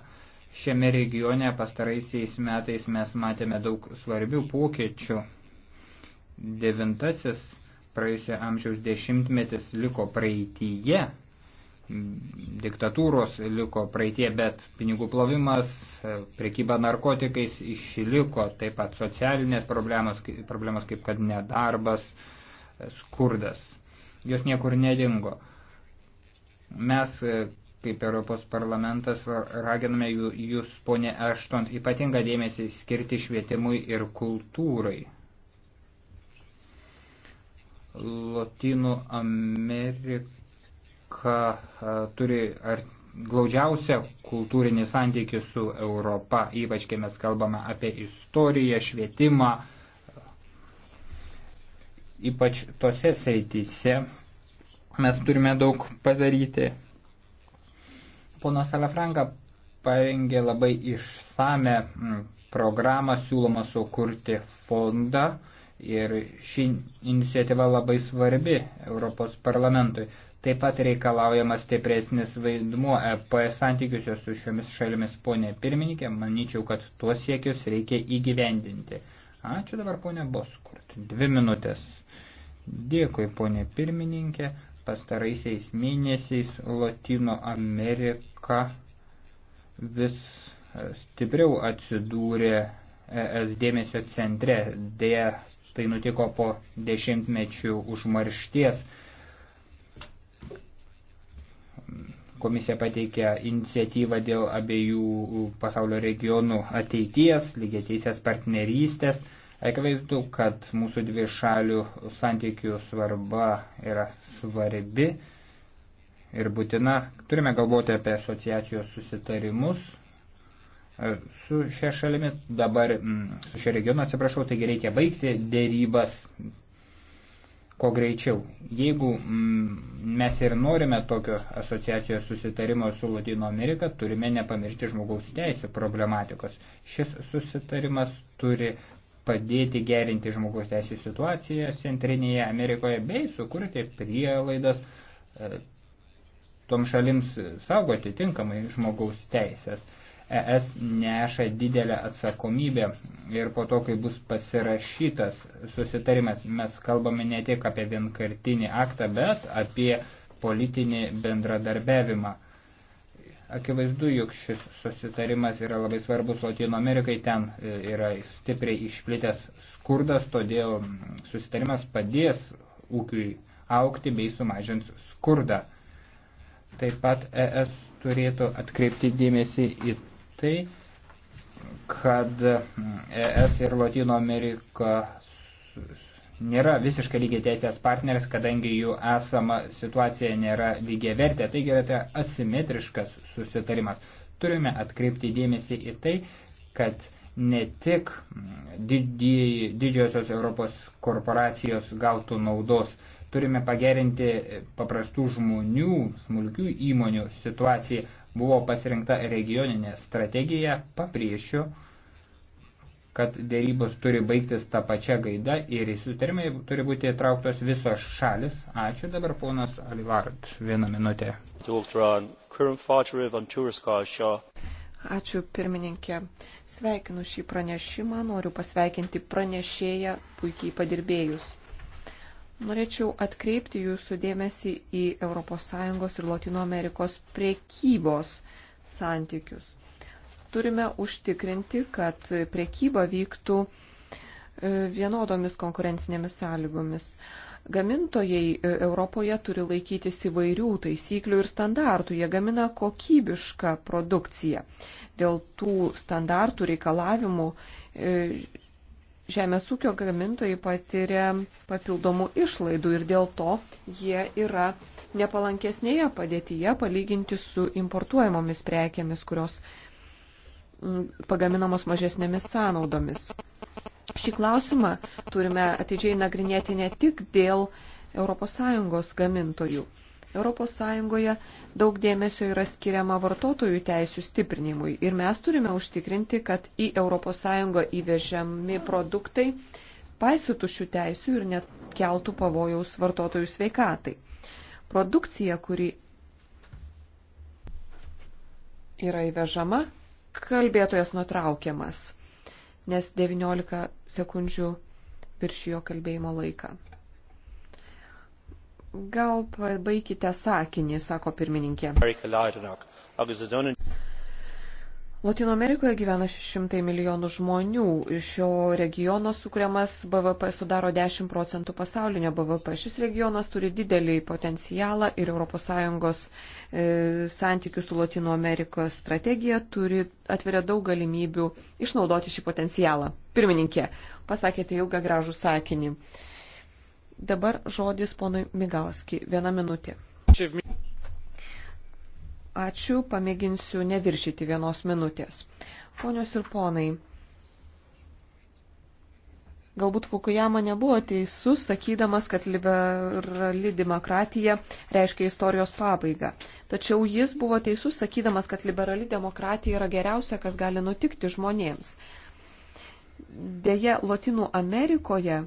Šiame regione pastaraisiais metais mes matėme daug svarbių pokyčių. Devintasis praėjusią amžiaus dešimtmetis liko praeitįje diktatūros liko praeitie, bet pinigų plovimas, prekyba narkotikais išliko, taip pat socialinės problemas, problemas kaip kad nedarbas, skurdas. Jos niekur nedingo. Mes kaip Europos parlamentas raginame jūs, ponė Aštont, ypatingą dėmesį skirti švietimui ir kultūrai. Latinų Amerika E, turi ar glaudžiausią kultūrinį santykį su Europa, ypač kai mes kalbame apie istoriją, švietimą, ypač tose srityse mes turime daug padaryti. Ponas Alefranka parengė labai išsame programą siūloma sukurti fondą ir ši iniciatyva labai svarbi Europos parlamentui. Taip pat reikalaujamas stipresnis vaidmuo EP santykiuose su šiomis šalimis, ponė pirmininkė. Manyčiau, kad tuos siekius reikia įgyvendinti. Ačiū dabar, ponė Boskurt. Dvi minutės. Dėkui, ponė pirmininkė. Pastaraisiais mėnesiais Latino Amerika vis stipriau atsidūrė ES dėmesio centre. Dėja, tai nutiko po dešimtmečių užmaršties Komisija pateikė iniciatyvą dėl abiejų pasaulio regionų ateities, lygiai teisės partnerystės. Akivaizdu, kad mūsų dvi šalių santykių svarba yra svarbi ir būtina. Turime galvoti apie asociacijos susitarimus e, su šia šalimi, dabar mm, su šia regionu, atsiprašau, taigi reikia baigti dėrybas kuo greičiau. Jeigu mm, mes ir norime tokio asociacijos susitarimo su Latino Amerika, turime nepamiršti žmogaus teisų problematikos. Šis susitarimas turi padėti gerinti žmogaus teisų situaciją Centrinėje Amerikoje bei sukurti prielaidas e, tom šalims saugoti tinkamai žmogaus teisės. ES neša didelę atsakomybę ir po to, kai bus pasirašytas susitarimas, mes kalbame ne tik apie vienkartinį aktą, bet apie politinį bendradarbiavimą. Akivaizdu, jog šis susitarimas yra labai svarbus Latino Amerikai, ten e, yra stipriai išplitęs skurdas, todėl susitarimas padės ūkiui aukti bei sumažins skurdą. Taip pat ES turėtų atkreipti dėmesį į tai, kad ES ir Latino Amerika nėra visiškai lygiai teisės partneris, kadangi jų esama situacija nėra lygiai vertė. Taigi yra tai asimetriškas susitarimas. Turime atkreipti dėmesį į tai, kad ne tik didieji, didžiosios Europos korporacijos gautų naudos, turime pagerinti paprastų žmonių, smulkių įmonių situaciją buvo pasirinkta regioninė strategija, papriešiu, kad dėrybos turi baigtis tą pačią gaidą ir į sutarimai turi būti įtrauktos visos šalis. Ačiū dabar ponas Alivart, vieną minutę. Ačiū pirmininkė. Sveikinu šį pranešimą, noriu pasveikinti pranešėją puikiai padirbėjus. Norėčiau atkreipti jūsų dėmesį į ES ir Latino Amerikos priekybos santykius. Turime užtikrinti, kad priekyba vyktų e, vienodomis konkurencinėmis sąlygomis. Gamintojai e, Europoje turi laikytis įvairių taisyklių ir standartų. Jie gamina kokybišką produkciją. Dėl tų standartų reikalavimų e, žemės ūkio gamintojai patiria papildomų išlaidų ir dėl to jie yra nepalankesnėje padėtyje palyginti su importuojamomis prekėmis, kurios mm, pagaminamos mažesnėmis sąnaudomis. Šį klausimą turime atidžiai nagrinėti ne tik dėl ES gamintojų. ES daug dėmesio yra skiriama vartotojų teisų stiprinimui ir mes turime užtikrinti, kad į ES įvežami produktai paisytų šių teisų ir net keltų pavojaus vartotojų sveikatai. Produkcija, kuri yra įvežama, kalbėtojas nutraukiamas, nes 19 sekundžių viršijo kalbėjimo laiką. Gal pabaikite sakinį, sako pirmininkė. Latino Amerikoje gyvena 600 milijonų žmonių. Šio regiono sukūriamas BVP sudaro 10 procentų pasaulinio BVP. Šis regionas turi didelį potencialą ir ES e, santykių su Latino Amerikos strategija turi atveria daug galimybių išnaudoti šį potencialą. Pirmininkė, pasakėte ilgą gražų sakinį. E, Dabar žodis ponui Migalski. Viena minutė. Ačiū, pamėginsiu neviršyti vienos minutės. Ponios ir ponai, galbūt Fukujama nebuvo teisus, sakydamas, kad liberali demokratija reiškia istorijos pabaigą. Tačiau jis buvo teisus, sakydamas, kad liberali demokratija yra geriausia, kas gali nutikti žmonėms. Deja, Latinų Amerikoje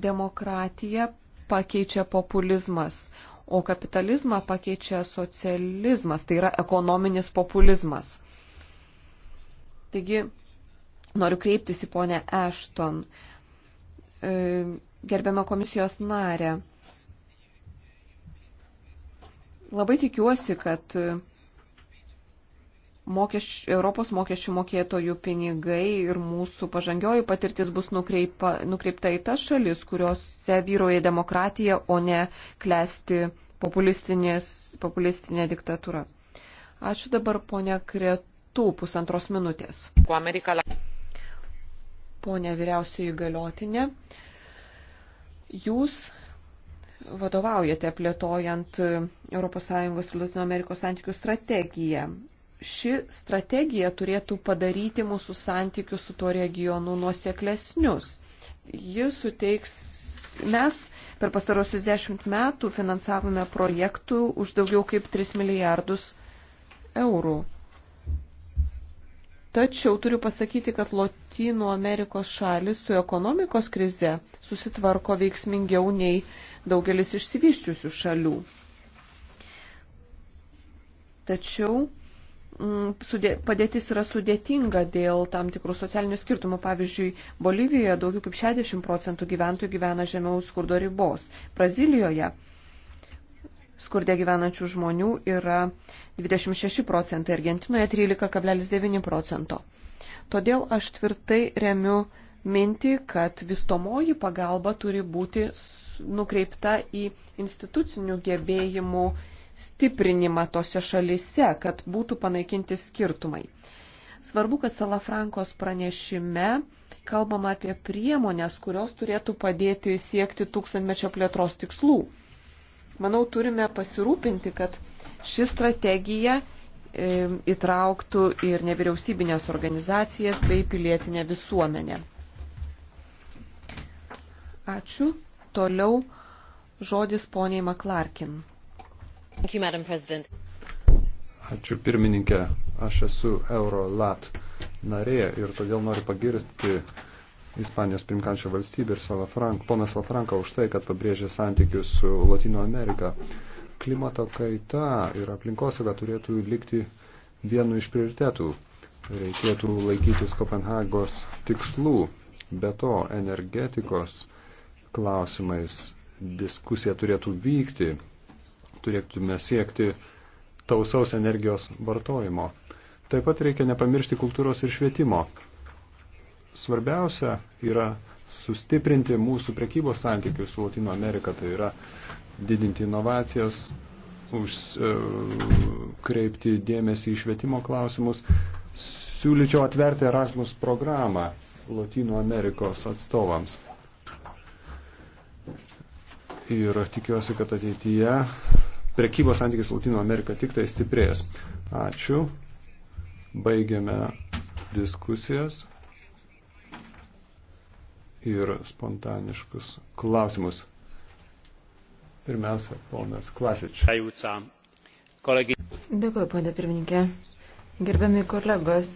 demokratiją pakeičia populizmas, o kapitalizmą pakeičia socializmas, tai yra ekonominis populizmas. Taigi, noriu kreiptis į ponę Ashton, e, gerbiamą komisijos narę. Labai tikiuosi, kad mokesčių, Europos mokesčių mokėtojų pinigai ir mūsų pažangioji patirtis bus nukreipa, nukreipta į tas šalis, kuriuose vyroja demokratija, o ne klesti populistinė diktatūra. Ačiū dabar ponia Kretų pusantros minutės. Pone vyriausioji galiotinė, jūs vadovaujate plėtojant ES ir Latino Amerikos santykių strategiją ši strategija turėtų padaryti mūsų santykius su tuo regionu nuoseklesnius. Jis suteiks, mes per pastarosius dešimt metų finansavome projektų už daugiau kaip 3 milijardus eurų. Tačiau turiu pasakyti, kad Lotynų Amerikos šalis su ekonomikos krize susitvarko veiksmingiau nei daugelis išsivyščiusių šalių. Tačiau padėtis yra sudėtinga dėl tam tikrų socialinių skirtumų. Pavyzdžiui, Bolivijoje daugiau kaip 60 procentų gyventojų gyvena žemiau skurdo ribos. Brazilijoje skurdė gyvenančių žmonių yra 26 procentai, Argentinoje 13,9 procento. Todėl aš tvirtai remiu mintį, kad vystomoji pagalba turi būti nukreipta į institucinių gebėjimų stiprinimą tose šalise, kad būtų panaikinti skirtumai. Svarbu, kad Salafrankos pranešime kalbama apie priemonės, kurios turėtų padėti siekti tūkstantmečio plėtros tikslų. Manau, turime pasirūpinti, kad ši strategija e, įtrauktų ir nevyriausybinės organizacijas bei pilietinę visuomenę. Ačiū. Toliau žodis poniai Maklarkin. You, Ačiū pirmininkė, aš esu Eurolat narė ir todėl noriu pagirti Ispanijos primkančią valstybę ir Salafrank, ponas Salafranką už tai, kad pabrėžė santykius su Latino Amerika. Klimato kaita ir aplinkosauga turėtų likti vienu iš prioritetų. Reikėtų laikytis Kopenhagos tikslų. Be to, energetikos klausimais diskusija turėtų vykti turėtume siekti tausaus energijos vartojimo. Taip pat reikia nepamiršti kultūros ir švietimo. Svarbiausia yra sustiprinti mūsų prekybos santykius su Latino Amerika, tai yra didinti inovacijas, už, e, kreipti dėmesį į švietimo klausimus. Siūlyčiau atverti Erasmus programą Latino Amerikos atstovams. Ir tikiuosi, kad ateityje prekybos santykis Latino Amerika tik tai stiprės. Ačiū. Baigiame diskusijas ir spontaniškus klausimus. Pirmiausia, ponas Klasič. Dėkuoju, ponė pirmininkė. Gerbiami kolegos,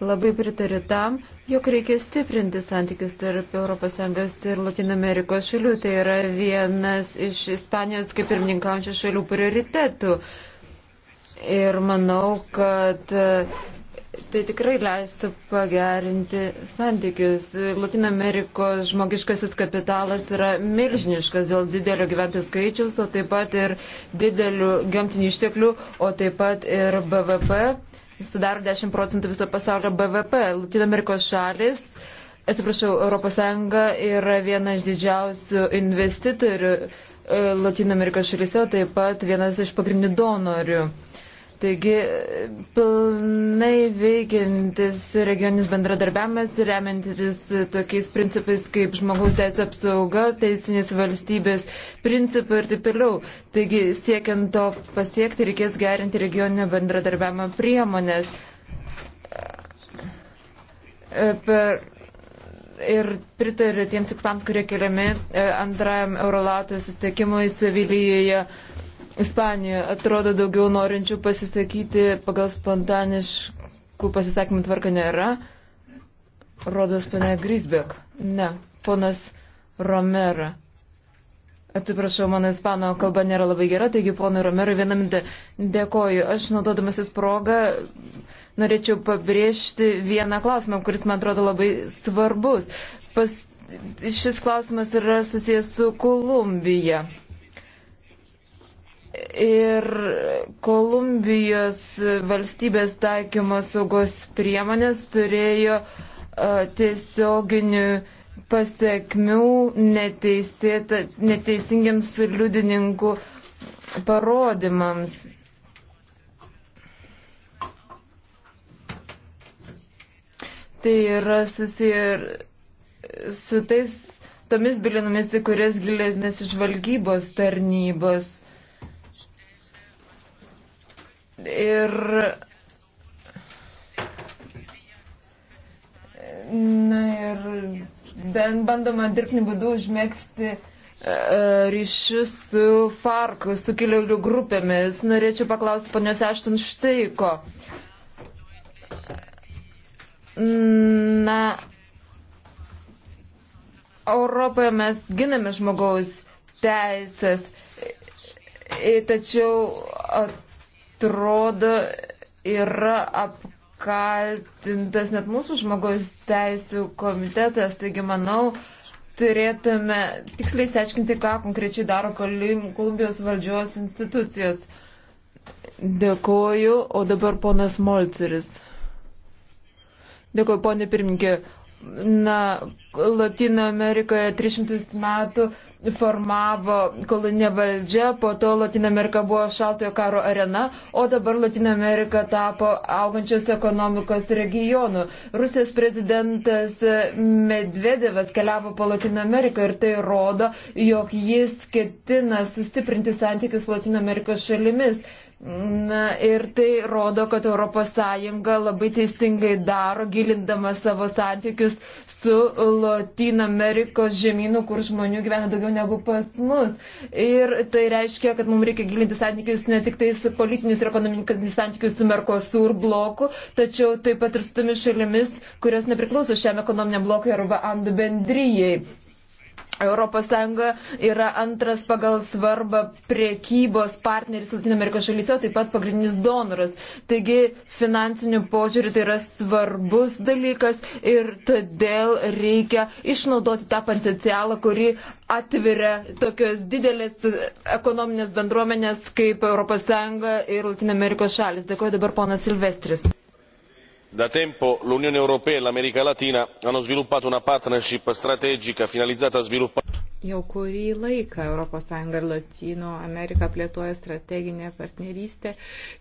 labai pritariu tam, jog reikia stiprinti santykius tarp ES ir Latino Amerikos šalių. Tai yra vienas iš Ispanijos kaip pirmininkaujančių šalių prioritetų. Ir manau, kad e, tai tikrai leistų pagerinti santykius. Latino Amerikos žmogiškasis kapitalas yra milžiniškas dėl didelio gyventojų skaičiaus, o taip pat ir didelių gamtinių išteklių, o taip pat ir BVP sudaro 10 procentų viso pasaulio BVP. Latino Amerikos šalis, atsiprašau, ES yra viena iš didžiausių investitorių e, Latino Amerikos šalyse, o taip pat vienas iš pagrindinių donorių. Taigi, pilnai veikiantis regioninis bendradarbiavimas, remiantis tokiais principais kaip žmogaus teisų apsauga, teisinės valstybės principai ir taip toliau. Taigi, siekiant to pasiekti, reikės gerinti regioninio bendradarbiavimo priemonės. E, per ir pritariu tiems tikslams, kurie keliami e, antrajam Eurolato susitikimui Sevilijoje Ispanijoje atrodo daugiau norinčių pasisakyti pagal spontaniškų pasisakymų tvarką nėra. Rodos pane Grisbek. Ne, ponas Romera. Atsiprašau, mano ispano kalba nėra labai gera, taigi ponui Romerui vieną minutę dėkoju. Aš naudodamasis progą norėčiau pabrėžti vieną klausimą, kuris man atrodo labai svarbus. Pas, šis klausimas yra susijęs su Kolumbija ir Kolumbijos valstybės taikymos saugos priemonės turėjo tiesioginių pasiekmių neteisingiams liudininkų parodymams. Tai yra susiję ir su tais tomis bilinomis, į kurias gilinasi žvalgybos tarnybos. Ir Na ir bent bandoma dirbtinį būdų užmėgsti e, ryšius su FARC, su keliolių grupėmis. Norėčiau paklausti ponios Ešton štai ko. Na, Europoje mes giname žmogaus teisės, tačiau atrodo yra apkaltintas net mūsų žmogaus teisų komitetas, taigi manau, turėtume tiksliai sėčkinti, ką konkrečiai daro Kolumbijos valdžios institucijos. Dėkoju, o dabar ponas Molceris. Dėkoju, ponė pirmininkė. Na, Latino Amerikoje 300 metų formavo kolonė valdžia, po to Latino Amerika buvo šaltojo karo arena, o dabar Latino Amerika tapo augančios ekonomikos regionu. Rusijos prezidentas Medvedevas keliavo po Latino Ameriką ir tai rodo, jog jis ketina sustiprinti santykius Latino Amerikos šalimis. Na ir tai rodo, kad ES labai teisingai daro, gilindama savo santykius su Latino Amerikos žemynu, kur žmonių gyvena daugiau negu pas mus. Ir tai reiškia, kad mums reikia gilinti santykius ne tik tai su politinius ir ekonominius santykius su Mercosur bloku, tačiau taip pat ir su tomis šalimis, kurios nepriklauso šiam ekonominiam blokui arba andų bendryjai. ES yra antras pagal svarbą priekybos partneris Latino Amerikos šalyse, taip pat pagrindinis donoras. Taigi finansinių požiūrių tai yra svarbus dalykas ir todėl reikia išnaudoti tą potencialą, kurį atveria tokios didelės ekonominės bendruomenės kaip ES ir Latino Amerikos šalis. Dėkuoju dabar ponas Silvestris da tempo l'unione europea e l'america latina hanno sviluppato una partnership strategica finalizzata a sviluppare. jau kurį laiką europos sąjunga ir lotynų amerika plėtoja strateginę partnerystę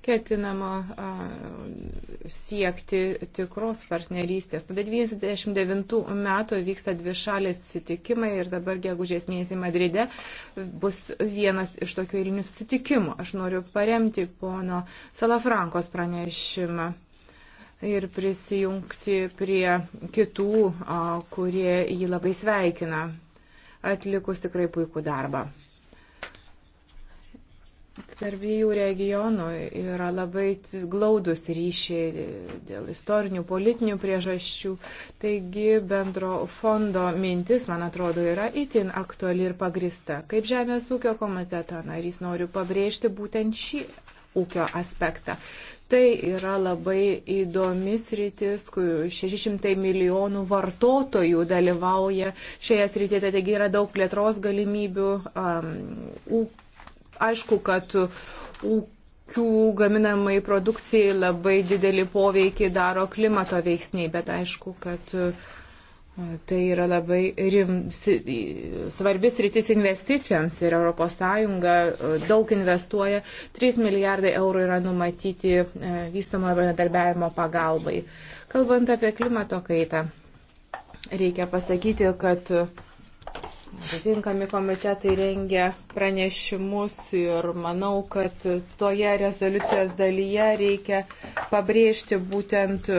ketinama a, siekti tikros partnerystės. Nuo 1999 metų vyksta dvišaliai susitikimai ir dabar gegužės mėnesį Madride bus vienas iš tokių eilinių susitikimų. Aš noriu paremti pono Salafrankos pranešimą ir prisijungti prie kitų, kurie jį labai sveikina, atlikus tikrai puikų darbą. Tarp dviejų regionų yra labai glaudus ryšiai dėl istorinių, politinių priežasčių. Taigi bendro fondo mintis, man atrodo, yra itin aktuali ir pagrista. Kaip Žemės ūkio komiteto narys noriu pabrėžti būtent šį ūkio aspektą. Tai yra labai įdomis rytis, kur 600 milijonų vartotojų dalyvauja šioje srityje, tai taigi yra daug plėtros galimybių. Um, aišku, kad ūkių gaminamai produkcijai labai didelį poveikį daro klimato veiksniai, bet aišku, kad uh, Tai yra labai rims, svarbis rytis investicijoms ir ES e, daug investuoja. 3 milijardai eurų yra numatyti e, vystamojo bendradarbiavimo pagalbai. Kalbant apie klimato kaitą, reikia pasakyti, kad Atitinkami komitetai rengia pranešimus ir manau, kad toje rezoliucijos dalyje reikia pabrėžti būtent e,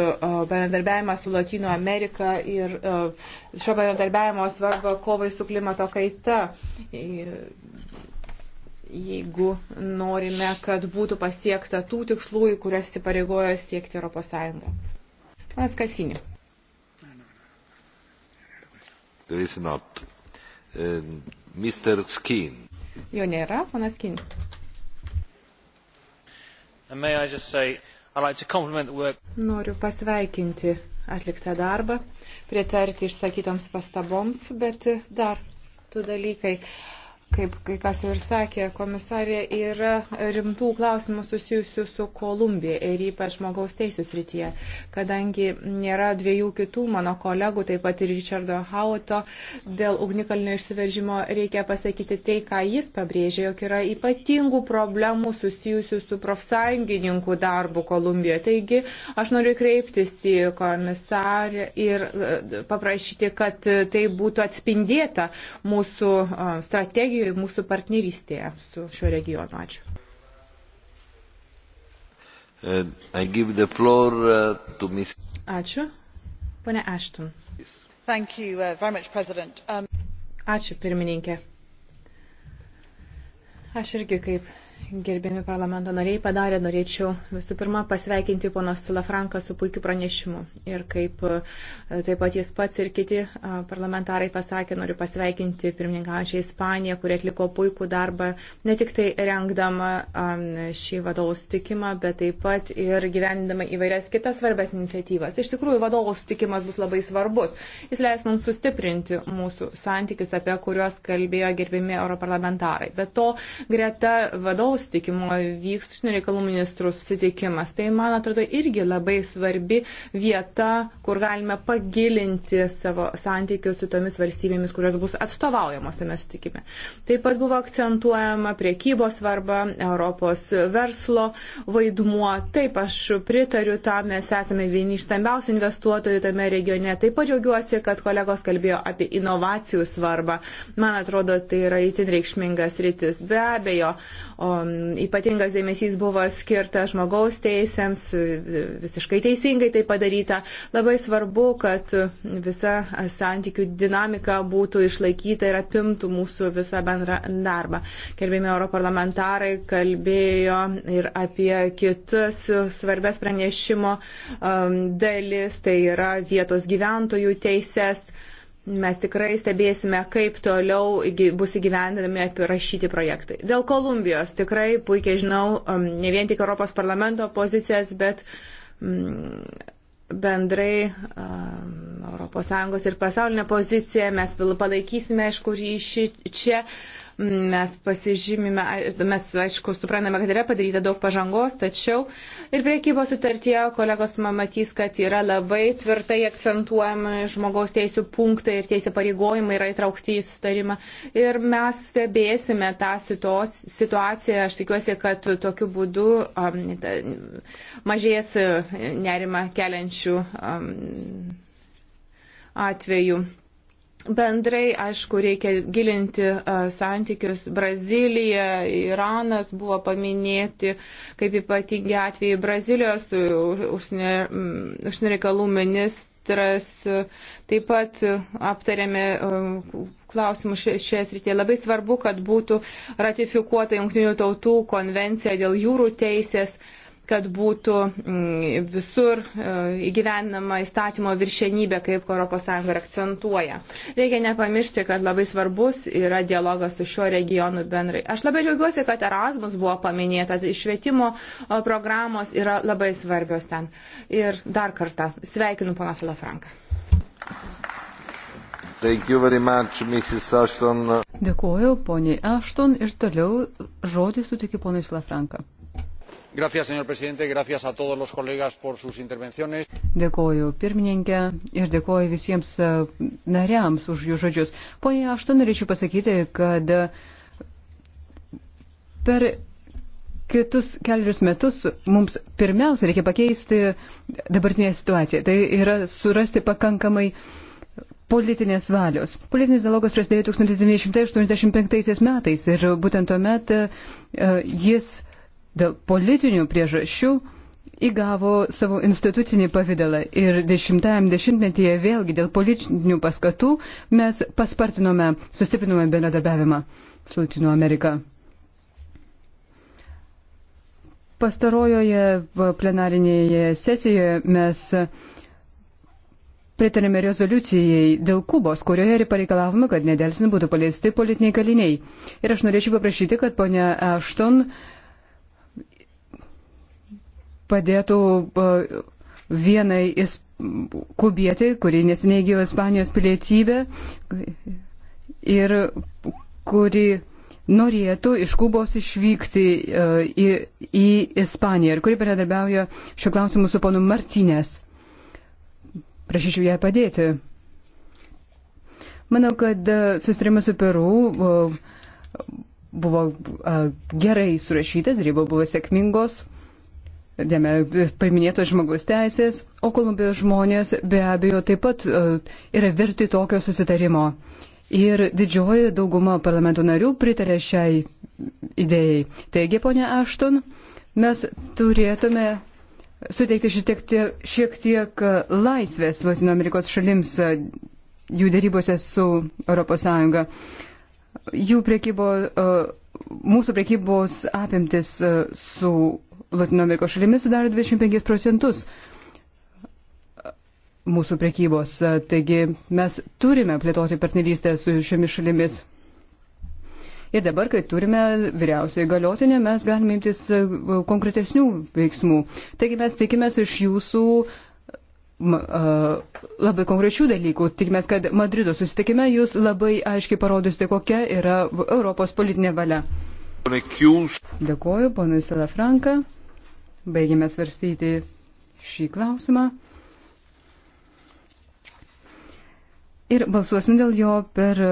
bendradarbiavimą su Latino Amerika ir e, šio bendradarbiavimo svarbą kovai su klimato kaita. E, jeigu norime, kad būtų pasiekta tų tikslų, į kurias įsipareigojo siekti ES. Panas Kasinė. There is not. Mr. Skin. Jo nėra, panas Skin. Say, like Noriu pasveikinti atliktą darbą, pritarti išsakytoms pastaboms, bet dar du dalykai. Uh, kaip kai kas ir sakė, komisarė, yra rimtų klausimų susijusių su Kolumbija ir ypač žmogaus teisų srityje, kadangi nėra dviejų kitų mano kolegų, taip pat ir Richardo Hauto, dėl ugnikalnio išsiveržimo reikia pasakyti tai, ką jis pabrėžė, jog yra ypatingų problemų susijusių su profsąjungininkų darbu Kolumbijoje. Taigi aš noriu kreiptis į komisarę ir e, paprašyti, kad tai būtų atspindėta mūsų e, strategijoje bei mūsų partnerystėje su šiuo regionu. Ačiū. Uh, uh, Ačiū. Pane Ashton. Uh, um, Ačiū, pirmininkė. Aš irgi kaip gerbiami parlamento nariai padarė, norėčiau visų pirma pasveikinti ponas Silafranką su puikiu pranešimu. Ir kaip e, taip pat jis pats ir kiti e, parlamentarai pasakė, noriu pasveikinti pirmininkaujančią Ispaniją, kurie atliko puikų darbą, ne tik tai rengdama šį vadovų sutikimą, bet taip pat ir gyvendama įvairias kitas svarbės iniciatyvas. Iš tikrųjų, vadovų sutikimas bus labai svarbus. Jis leis mums sustiprinti mūsų santykius, apie kuriuos kalbėjo gerbimi europarlamentarai. Bet to greta vadovų toliau sutikimo vyks užsienio reikalų ministrų susitikimas. Tai, man atrodo, irgi labai svarbi vieta, kur galime pagilinti savo santykius su tomis valstybėmis, kurios bus atstovaujamos tame sutikime. Taip pat buvo akcentuojama priekybos svarba, Europos verslo vaidmuo. Taip, aš pritariu tam, mes esame vieni iš stambiausių investuotojų tame regione. Taip pat džiaugiuosi, kad kolegos kalbėjo apie inovacijų svarbą. Man atrodo, tai yra itin reikšmingas rytis. Be abejo, o, Um, ypatingas dėmesys buvo skirtas žmogaus teisėms, visiškai teisingai tai padaryta. Labai svarbu, kad visa santykių dinamika būtų išlaikyta ir apimtų mūsų visą bendrą darbą. Kelbėjami europarlamentarai kalbėjo ir apie kitus svarbės pranešimo um, dalis, tai yra vietos gyventojų teises Mes tikrai stebėsime, kaip toliau bus įgyvendinami apirašyti projektai. Dėl Kolumbijos tikrai puikiai žinau um, ne vien tik Europos parlamento pozicijas, bet mm, bendrai um, ES ir pasaulinė pozicija. Mes palaikysime, aišku, ryšį čia. Mes pasižymime, mes aišku suprantame, kad yra padaryta daug pažangos, tačiau ir priekybos sutartie kolegos matys, kad yra labai tvirtai akcentuojami žmogaus teisų punktai ir teisė pareigojimai yra įtraukti į sutarimą. Ir mes stebėsime tą situaciją. Aš tikiuosi, kad tokiu būdu mažės nerima keliančių atvejų. Bendrai, aišku, reikia gilinti santykius. Brazilija, Iranas buvo paminėti kaip ypatingi atvejai. Brazilijos užsienio reikalų ministras taip pat aptarėme klausimus šioje srityje. Labai svarbu, kad būtų ratifikuota Junktinių tautų konvencija dėl jūrų teisės kad būtų mm, visur e, įgyvendinama įstatymo viršenybė, kaip ES akcentuoja. Reikia nepamiršti, kad labai svarbus yra dialogas su šiuo regionu bendrai. Aš labai džiaugiuosi, kad Erasmus buvo paminėtas, tai švietimo e, programos yra labai svarbios ten. Ir dar kartą sveikinu pana Filafranką. Dėkuoju poniai Ašton ir toliau žodį sutikiu ponai Filafranką. Gracias, señor presidente, gracias a todos los colegas por sus intervenciones. Dėkoju pirmininkė ir dėkoju visiems e, nariams už jų žodžius. Pone, aš to norėčiau pasakyti, kad e, per kitus kelius metus mums pirmiausia reikia pakeisti dabartinę situaciją. Tai yra surasti pakankamai politinės valios. Politinis dialogas prasidėjo 1985 metais ir būtent tuomet e, jis dėl politinių priežasčių įgavo savo institucinį pavydalą ir dešimtajam dešimtmetyje vėlgi dėl politinių paskatų mes paspartinome, sustiprinome bendradarbiavimą su Latino Amerika. Pastarojoje plenarinėje sesijoje mes pritarėme rezoliucijai dėl Kubos, kurioje ir pareikalavome, kad nedelsin būtų paleisti politiniai kaliniai. Ir aš norėčiau paprašyti, kad ponia Ashton uh, padėtų e, vienai kubietį, kuri neseniai gyvo Ispanijos pilietybę ir kuri norėtų iš Kubos išvykti e, į, į Ispaniją ir kuri bendradarbiauja šiuo klausimu su ponu Martinės. Prašyčiau ją padėti. Manau, kad e, sustarimas su Peru buvo gerai surašytas, daryba buvo sėkmingos. Dėme paminėtos žmogus teisės, o Kolumbijos žmonės be abejo taip pat e, yra verti tokio susitarimo. Ir didžioji dauguma parlamento narių pritarė šiai idėjai. Taigi, ponia Ašton, mes turėtume suteikti šiek tiek, šiek tiek e, laisvės Latino Amerikos šalims e, jų dėrybose su ES. Jų priekybo, mūsų priekybos apimtis su Latino Amerikos šalimis sudaro 25 procentus mūsų prekybos. Taigi mes turime plėtoti partnerystę su šiomis šalimis. Ir dabar, kai turime vyriausiai galiotinę, mes galime imtis e, konkretesnių veiksmų. Taigi mes tikimės iš jūsų e, labai konkrečių dalykų. Tikimės, kad Madrido susitikime jūs labai aiškiai parodysite, kokia yra Europos politinė valia. Dėkuoju, ponui Salafranka. Baigėme svarstyti šį klausimą. Ir balsuosim dėl jo per